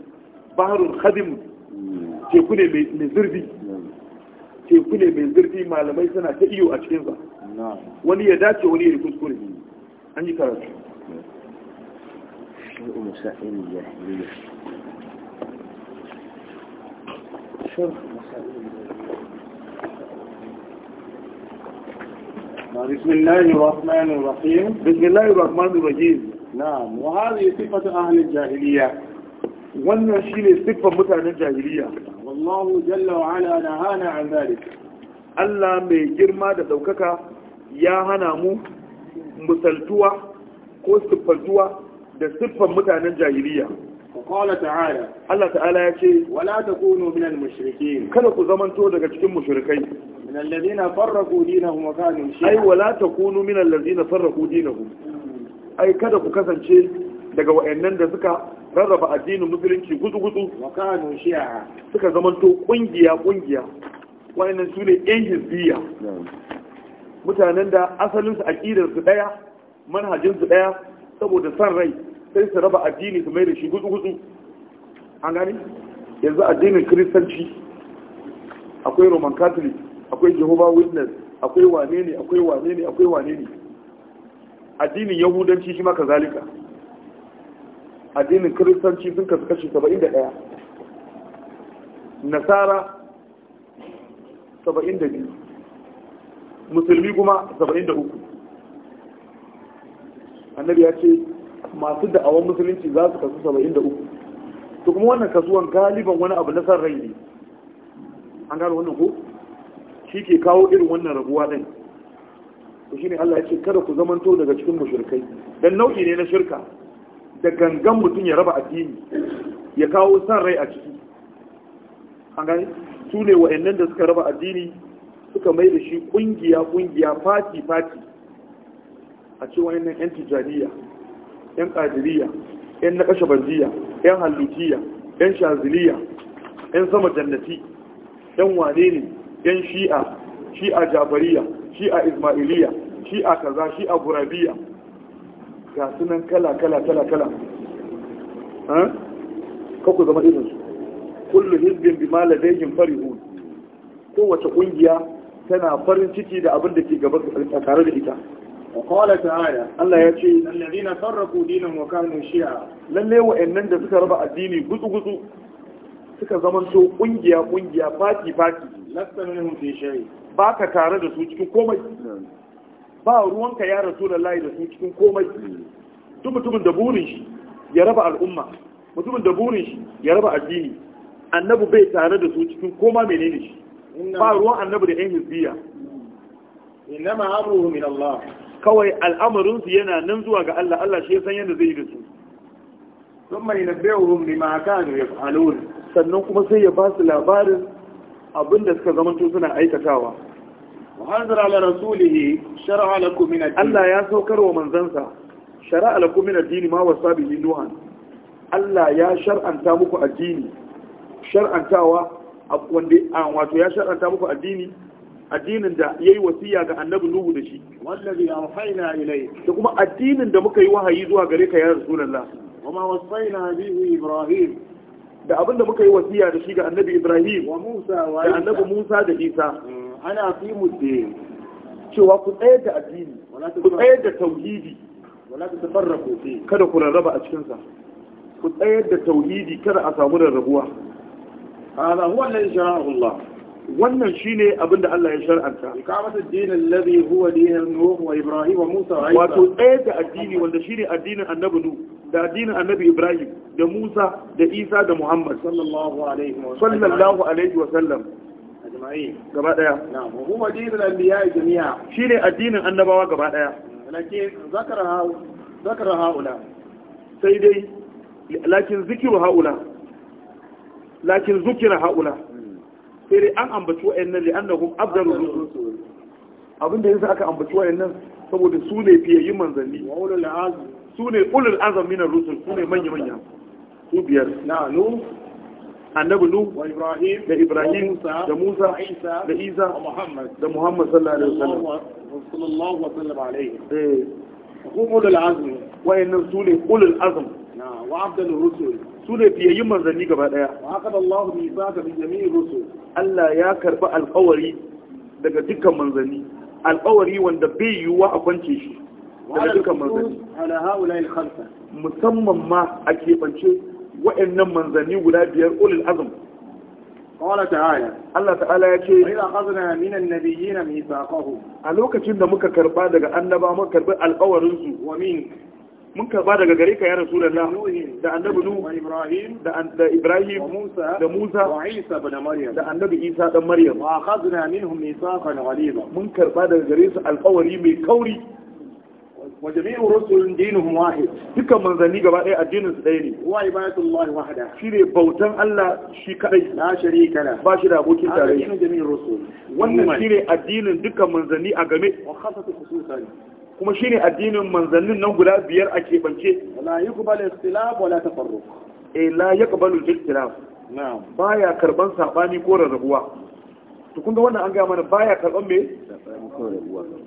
baharul khadim teku ne mai zurfi ke kune mai zurfi malamai suna ta iyo a cikin sa wani ya dace wani ya kuskure an yi karatu شرح مسائل بسم الله الرحمن الرحيم بسم الله الرحمن الرحيم نعم وهذه صفة أهل الجاهلية wannan shi ne siffar mutanen jahiliya wallahu jalla wa ala na hana an Allah mai girma da daukaka ya hana mu musaltuwa ko siffantuwa da siffan mutanen jahiliya qala ta'ala Allah ta'ala ya ce wala takunu minal kada ku zamanto daga cikin mushrikai من الذين فرقوا دينهم وكانوا شيعا اي ولا تكونوا من الذين فرقوا دينهم اي kada ku kasance daga wayannan da suka rarraba addinin musulunci gudu-gudu shi'a suka zamanto kungiya kungiya wayannan su ne yan hizbiya mutanen da asalin su aqidar su daya manhajin su daya saboda san rai sai su raba addini su mai da shi gudu-gudu an gani yanzu addinin kristanci akwai roman catholic akwai jehovah witness akwai wane ne akwai wane ne akwai wane ne addinin yahudanci shi maka zalika addinin kiristanci sun kasu kashi 71 nasara 72 musulmi kuma 73 annabi ya ce masu da'awar musulunci za su kasu 73 to kuma wannan kasuwan galiban wani abu na san rai ne an gano wannan ko shi ke kawo irin wannan rabuwa ɗin to shine Allah ya ce kada ku zamanto daga cikin mushrikai dan nau'i ne na shirka da gangan mutum ya raba addini ya kawo san rai a ciki an gani su ne wa'annan da suka raba addini suka mai da shi kungiya kungiya fati fati a ce wa'annan yan tijaniya yan kadiriya yan banjiya yan hallutiya yan shaziliya yan sama jannati yan wane ne yan shi'a shi'a jabariya shi'a ismailiya shi'a kaza shi'a burabiya ga sunan kala kala kala kala kaku zama irinsu kullu hizbin bi maladayhim farihun kowace kungiya tana farin ciki da abin da ke gaba tare da ita وقال تعالى الله يجي الذين فرقوا دينهم وكانوا شيعا لن يوئنن da suka raba addini gutsu gutsu suka zamanto kungiya kungiya fati fati ba ka tare da su cikin komai ba ruwanka ya rasu da layi da su cikin komai hmm. duk mutumin da burin shi ya raba al'umma mutumin da burin shi ya raba addini annabi bai tare da su cikin koma menene shi ba ruwan annabi da yan hizbiya hmm. innama amruhu min Allah kawai al'amarin su yana nan zuwa ga Allah Allah shi ya san yadda zai yi da su ثم ينبئهم بما كانوا يفعلون sannan kuma sai ya ba su labarin abin da suka zamanto suna aikatawa وانظر على رسوله شرع لكم من الدين الله يا سوكر ومنزنسا شرع لكم من الدين ما وصى به نوح الله يا شرعنتا muku addini shar'antawa wanda a wato ya shar'anta muku addini addinin da yayi wasiya ga annabi nuhu da shi wallazi awhayna ilayhi da kuma addinin da muka yi wahayi zuwa gare ka ya rasulullah wama wasaina bihi ibrahim da abinda muka yi wasiya da shi ga annabi Ibrahim wa Musa wa annabi Musa da Isa mm, ana fi mudde cewa ku tsayar da addini ku tsayar da tauhidi wala ta tafarraku kada ku rarraba a cikin sa ku tsayar da tauhidi kada a samu rarrabuwa hada huwa alladhi shara'a Allah wannan shine abin da Allah ya shar'anta ikamatu ad-din huwa li Nuh wa Ibrahim wa Musa wa Isa wato tsayar da addini wanda shine addinin annabi Nuh da addinin annabi ibrahim da musa da isa da muhammad sallallahu alaihi wa sallam gaba daya huwa dinul anbiya jami'a shine addinin annabawa gaba daya lakin zakara haula sai dai lakin zikiru haula lakin zukira haula hmm. sai dai an ambaci wa'annan li'annahum afdalur rusul abinda yasa aka ambaci wa'annan saboda su ne fiye yin manzanni wa azmi su ne ulul azam minar rusul su ne manya-manya su biyar na nu annabi nu da ibrahim da musa da isa da muhammad sallallahu alaihi wasallam هم أولو العزم وإن سولي أولو العزم وعبد الرسل سولي في أي منزلني قبل وعقد الله ميثاق من جميع الرسل Allah ya كرب القوري daga dukkan manzanni alƙawari wanda bai yiwuwa a kwance shi daga dukkan manzanni musamman ma a keɓance wa'annan manzanni guda biyar ulul azum. Allah ta'ala ya ce idan akhadna min an-nabiyyin mithaqahum a lokacin da muka karba daga annaba mun karbi alƙawarin mun karba daga gare ka ya rasulullah da annabi nu ibrahim da ibrahim da musa isa ibn maryam da annabi isa dan maryam wa akhadna minhum mun karba daga gare su alƙawari mai kauri wa jami'u rusulun dinuhum wahid dukkan manzanni gaba addinin su ɗaya ne wa ibadatullahi wahda shine bautan Allah shi kadai la sharika la ba shi da abokin tare addinin jami'ur rusul addinin dukkan manzanni a game wa khassatu khususan kuma shine addinin manzannin nan guda biyar a keɓance la yuqbalu istilaf wala tafarruq eh la yuqbalu istilaf na'am baya karban sabani ko rarrabuwa to kun wannan an ga mana baya karban me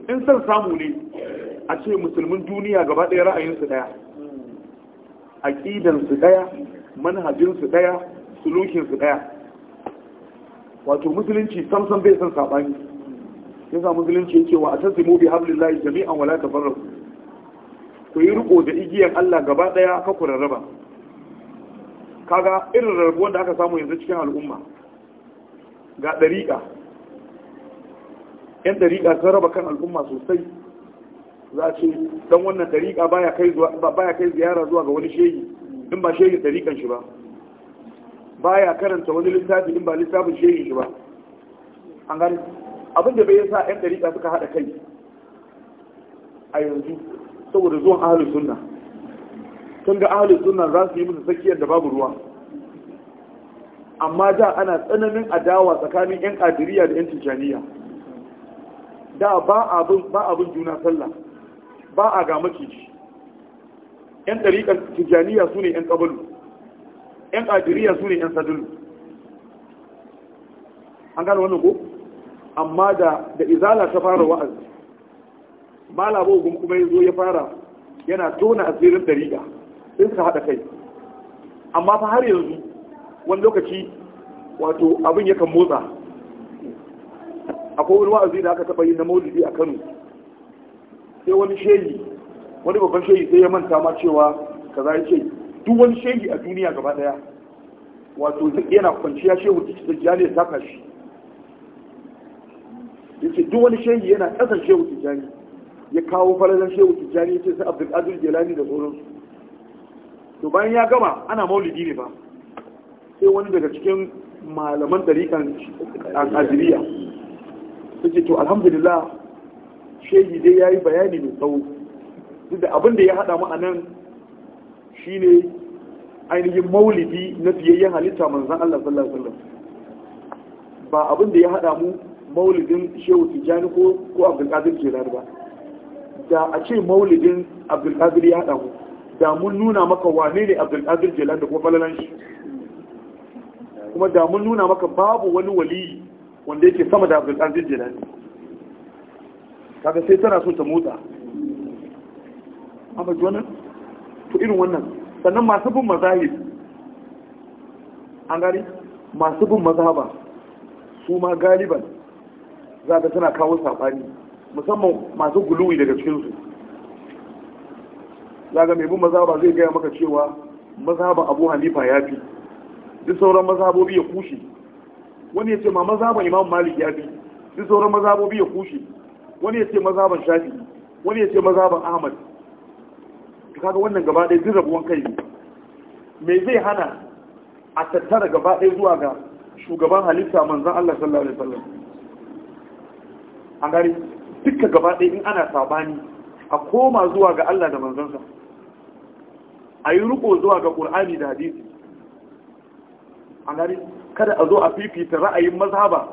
in san samu ne a ce musulmin duniya gaba ɗaya ra'ayinsu ɗaya aƙidansu ɗaya manhajinsu ɗaya sulukinsu ɗaya wato musulunci samsan bai son saɓani ya sa musulunci yake wa a Mubi bi layi jami'an wala ta farar ku yi riko da igiyar Allah gaba ɗaya ka ku rarraba kaga irin rarrabuwan da aka samu yanzu cikin al'umma ga ɗariƙa 'yan ɗariƙa sun raba kan al'umma sosai za ce dan wannan dariƙa baya kai baya kai ziyara zuwa ga wani shehi in ba shehin dariƙan shi ba baya karanta wani littafi in ba littafin shehin shi ba an gani abin da bai yasa 'yan dariƙa suka haɗa kai a yanzu saboda zuwan ahlus sunna tun ga ahlus sunna za su yi musu tsakiyar da babu ruwa amma da ana tsananin adawa tsakanin 'yan kadiriya da 'yan tijjaniya da ba abin juna sallah ba a ga maciji yan ɗariƙar tijjaniya su ne yan ƙabalu yan ƙadiriya su ne yan sadulu an gane wannan ko amma da izala ta fara wa'azi ba labo kuma ya zo ya fara yana tona asirin ɗariƙa sai suka haɗa kai amma fa har yanzu wani lokaci wato abin yakan motsa akwai wani wa'azi da aka taɓa yi na maulidi a kano sai wani shehi wani babban shehi sai ya manta ma cewa kaza ya ce duk wani shehi a duniya gaba daya wato yana kwanciya shehu jani ya taka shi yace duk wani shehi yana kasan shehu jani ya kawo falalan shehu tijjani yace sai abdul azul jelani da sauransu to bayan ya gama ana maulidi ne ba sai wani daga cikin malaman dariƙan aziriya ce to alhamdulillah shehi dai ya yi bayani mai tsawo duk da abin da ya haɗa mu a nan shi ne ainihin maulidi na biyayyen halitta manzan Allah sallallahu alaihi wasallam ba abin da ya haɗa mu maulidin shehu tijjani ko ko abdulkadir jelani ba da a ce maulidin abdulkadir ya haɗa mu da mun nuna maka wane ne abdulkadir jelani da kuma falalan shi kuma da mun nuna maka babu wani waliyi wanda yake sama da abdulkadir jelani kaga sai tana so ta motsa amma jona to irin wannan sannan masu bin mazahib an gari masu bin mazhaba su ma galiban za ka tana kawo saɓani musamman masu guluwi daga cikinsu za mai bin mazhaba zai gaya maka cewa mazhaba abu hanifa ya fi duk sauran mazhabobi ya kushe wani ya ce ma mazhaban imam malik ya fi duk sauran mazhabobi ya kushe wani ya ce mazhaban shafi wani ya ce mazhaban ahmad kaga wannan gaba ɗaya duk rabuwan kai ne me zai hana a tattara gaba ɗaya zuwa ga shugaban halitta manzan Allah sallallahu alaihi wasallam an gari dukkan gaba ɗaya in ana sabani a koma zuwa ga Allah da manzansa a yi riko zuwa ga Qur'ani da hadisi an gari kada a zo a fifita ra'ayin mazhaba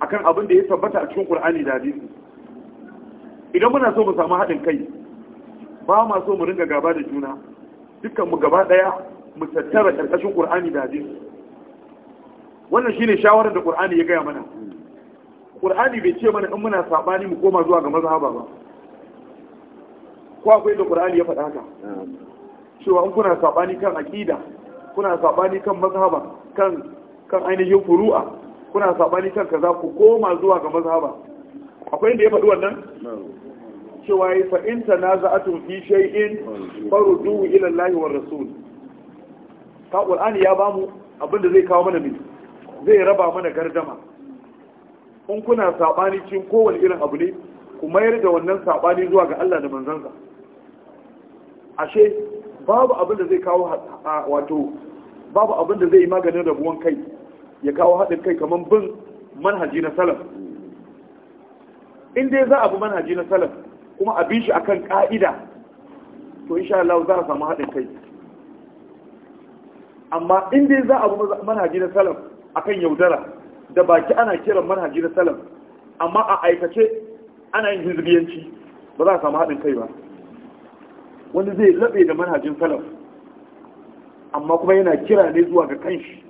akan abin da ya tabbata a cikin Qur'ani da hadisi idan muna so mu samu haɗin kai ba ma so mu ringa gaba da juna dukkan mu gaba ɗaya mu tattara ƙarƙashin ƙur'ani da hadisi wannan shine shawarar da ƙur'ani ya gaya mana ƙur'ani bai ce mana in muna saɓani mu koma zuwa ga mazhaba ba ko akwai da ƙur'ani ya faɗa haka cewa in kuna saɓani kan aƙida kuna saɓani kan mazhaba kan kan ainihin furu'a kuna saɓani kan kaza ku koma zuwa ga mazhaba akwai inda ya faɗi wannan cewa ya fa'in ta na za'atun fi shay'in faru duhu ilan lahiwar rasul ta ƙul'ani ya ba mu abinda zai kawo mana mai zai raba mana gardama in kuna saɓani cin kowane irin abu ne ku mayar da wannan saɓani zuwa ga Allah da manzansa ashe babu abin da zai kawo wato babu abin da zai yi maganin rabuwan kai ya kawo haɗin kai kamar bin manhaji na salaf in dai za a bi manhaji na salaf kuma a bi shi akan ka'ida to insha Allah za a samu haɗin kai amma in dai za a bi manhaji na salaf akan yaudara da baki ana kiran manhaji na salaf amma a aikace ana yin hizbiyanci ba za a samu haɗin kai ba wani zai laɓe da manhajin salaf amma kuma yana kira ne zuwa ga kanshi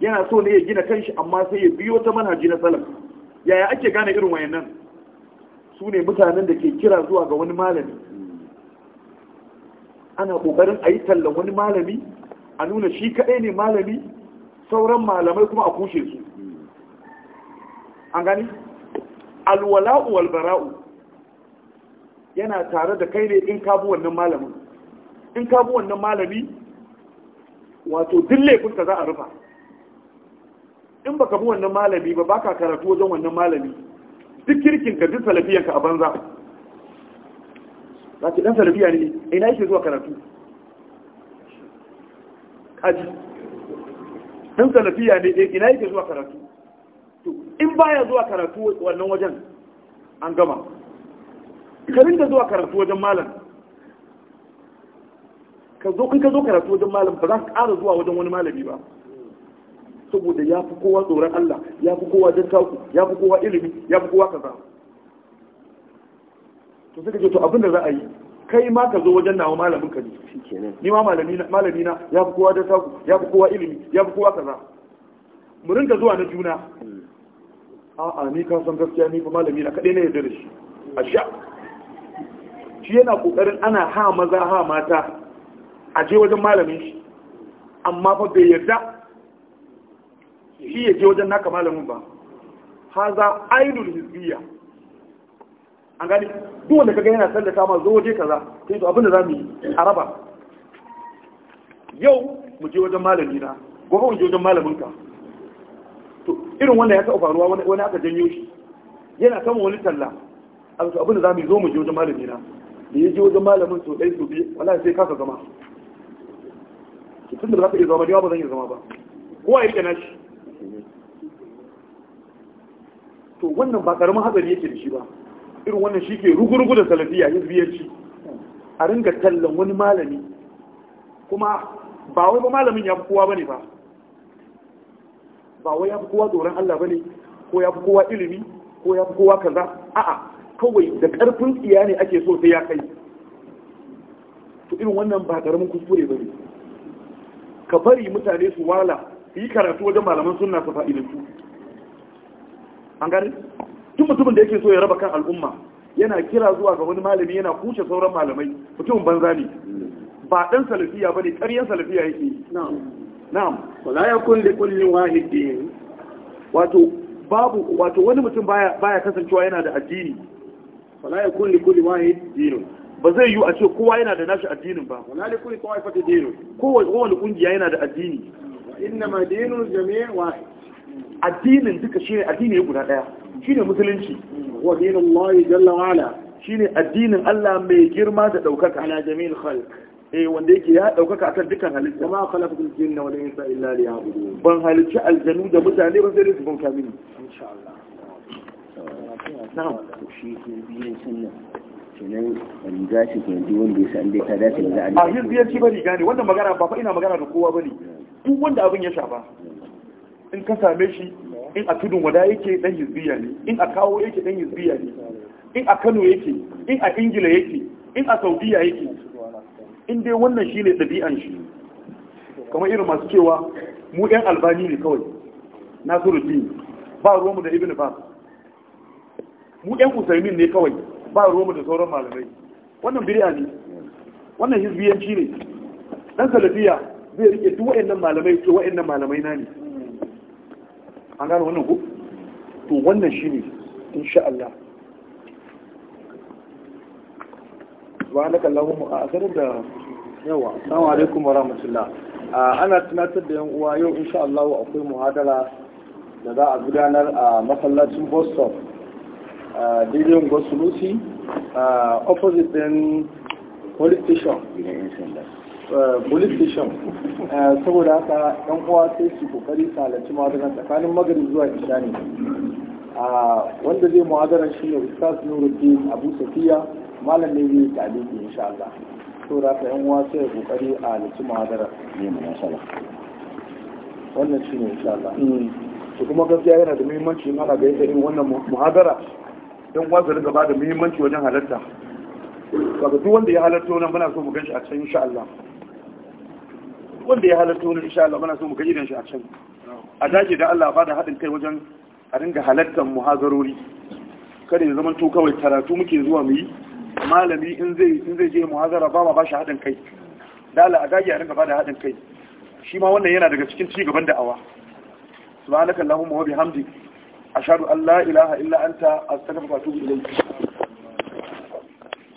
yana so ne ya gina kanshi amma sai ya biyo ta manhaji na salaf yaya ake gane irin wayannan su ne mutanen da ke kira zuwa ga wani malami ana kokarin a yi tallan wani malami a nuna shi kaɗai ne malami sauran malamai kuma a kushe su an gani alwala'u walbara'u yana tare da kai ne in kabu wannan malamin in kabu wannan malami wato Dille za a rufa in baka bi wannan malami ba baka karatu wajen wannan malami duk kirkin ka duk salafiyan ka a banza Ba ki dan salafiya ne ina yake zuwa karatu kaji dan salafiya ne eh, ina yake zuwa karatu to in baya zuwa karatu wannan wajen an gama ka rinka zuwa karatu wajen malam ka zo in ka zo karatu wajen malam ba za ka ƙara zuwa wajen wani malami ba saboda ya fi kowa tsoron Allah ya fi kowa jan taku ya fi kowa ilimi ya fi kowa kaza to suka ce to abin da za a yi kai ma ka zo wajen nawa malamin ka ne ni ma malami na ya fi kowa jan taku ya fi kowa ilimi ya fi kowa kaza mu rinka zuwa na juna hmm. a'a ni ka san gaskiya ni fa malami na kadai na ya da shi a sha shi yana kokarin ana ha maza ha mata a je wajen malamin shi amma fa bai yarda shi ya je wajen naka malamin ba haza ainul hizbiya an gani duk wanda kaga yana ta ma zo waje kaza sai to abin da zamu yi a raba yau mu je wajen malami na gobe mu je wajen malamin ka to irin wannan ya taɓa faruwa wani aka janyo shi yana kama wani talla a zato abin da zamu yi zo mu je wajen malami na da ya je wajen malamin to ɗaya so biyu wala sai kasa zama tun da za ka iya zama ne ba zan iya zama ba kowa ya na shi. musulmi to wannan ba karamin hadari yake da shi ba irin wannan shi ke rugurugu da salafiya biyarci, a ringa tallan wani malami kuma ba wai ba malamin ya fi kowa ba ne ba ba wai ya fi kowa tsoron Allah ba ne? ko ya fi kowa ilimi ko ya fi kowa kaza a'a kawai da karfin tsiya ne ake so sai ya kai to irin wannan ba karamin kuskure ne, ka bari mutane su wala yi karatu wajen malaman suna su fa'idantu an gari tun mutumin da yake so ya raba kan al'umma yana kira zuwa ga wani malami yana kuce sauran malamai mutumin banza ne ba dan salafiya ba ne ƙaryen salafiya yake na'am wala ya kulli kulli wahidin wato babu wato wani mutum baya baya kasancewa yana da addini wala ya kulli kulli wahidin ba zai yiwu a ce kowa yana da nashi addinin ba wala ya kulli kowa ya fata dinu kowa kowa kungiya yana da addini innama dinul jami' wahid addinin duka shine addini ne guda daya shine musulunci wa dinullahi jalla wa ala shine addinin Allah mai girma da daukaka ala jami'il khalq eh wanda yake ya daukaka akan dukkan halitta ma khalaqatul jinna wal insa illa liya'budun ban halicci aljanu da mutane ba sai su bauta mini insha Allah na'am shi biyan sunna kenan riga shi ke wanda ya san dai ta dace da za'a a yin biyan shi ba riga ne wannan magana ba fa ina magana da kowa ba ne. duk wanda abin ya shafa in ka same shi in a tudun wada yake dan hizbiya ne in a kawo yake dan hizbiya ne in a kano yake in a ingila yake in a saudiya yake in dai wannan shi ne ɗabi'an shi kamar irin masu cewa mu ɗan albani ne kawai nasiruddin ba romu da ibn ba mu ɗan usaimin ne kawai ba romu da sauran malamai wannan biriya ne wannan hizbiyanci ne ɗan salafiya zai rike duk wa'annan malamai to wa'annan malamai na ne an gano wannan ku to wannan shine insha Allah subhanaka allahumma a asar da yawa assalamu alaikum wa rahmatullah ana tunatar da yan uwa yau insha Allah akwai muhadara da za a gudanar a masallacin Boston daidai gwasulusi opposite din police station Eh, police station eh, saboda haka yan uwa sai su kokari su halarci ma'adana tsakanin magari zuwa isha ne ah, wanda zai mu'adaran shi ne ustaz nuruddin abu safiya malam ne zai taliki insha Allah saboda haka yan uwa sai kokari a halarci mu'adara ne mu insha Allah wannan shi ne insha Allah to kuma gaskiya yana da muhimmanci in ana ga irin wannan muhadara yan uwa su riga ba da muhimmanci wajen halarta kaga duk wanda ya halarta wannan muna so mu ganshi a can insha Allah wanda ya halatta wani insha Allah muna so mu gaji da shi a can a dace da Allah ba da haɗin kai wajen a dinga halartar muhazarori kada ya zama to kawai karatu muke zuwa mu yi malami in zai in zai je muhazara ba ma ba shi haɗin kai da Allah a dace a dinga ba da haɗin kai shi ma wannan yana daga cikin ci gaban da'awa subhanakallahumma wa bihamdik ashhadu an la ilaha illa anta astaghfiruka wa atubu ilayk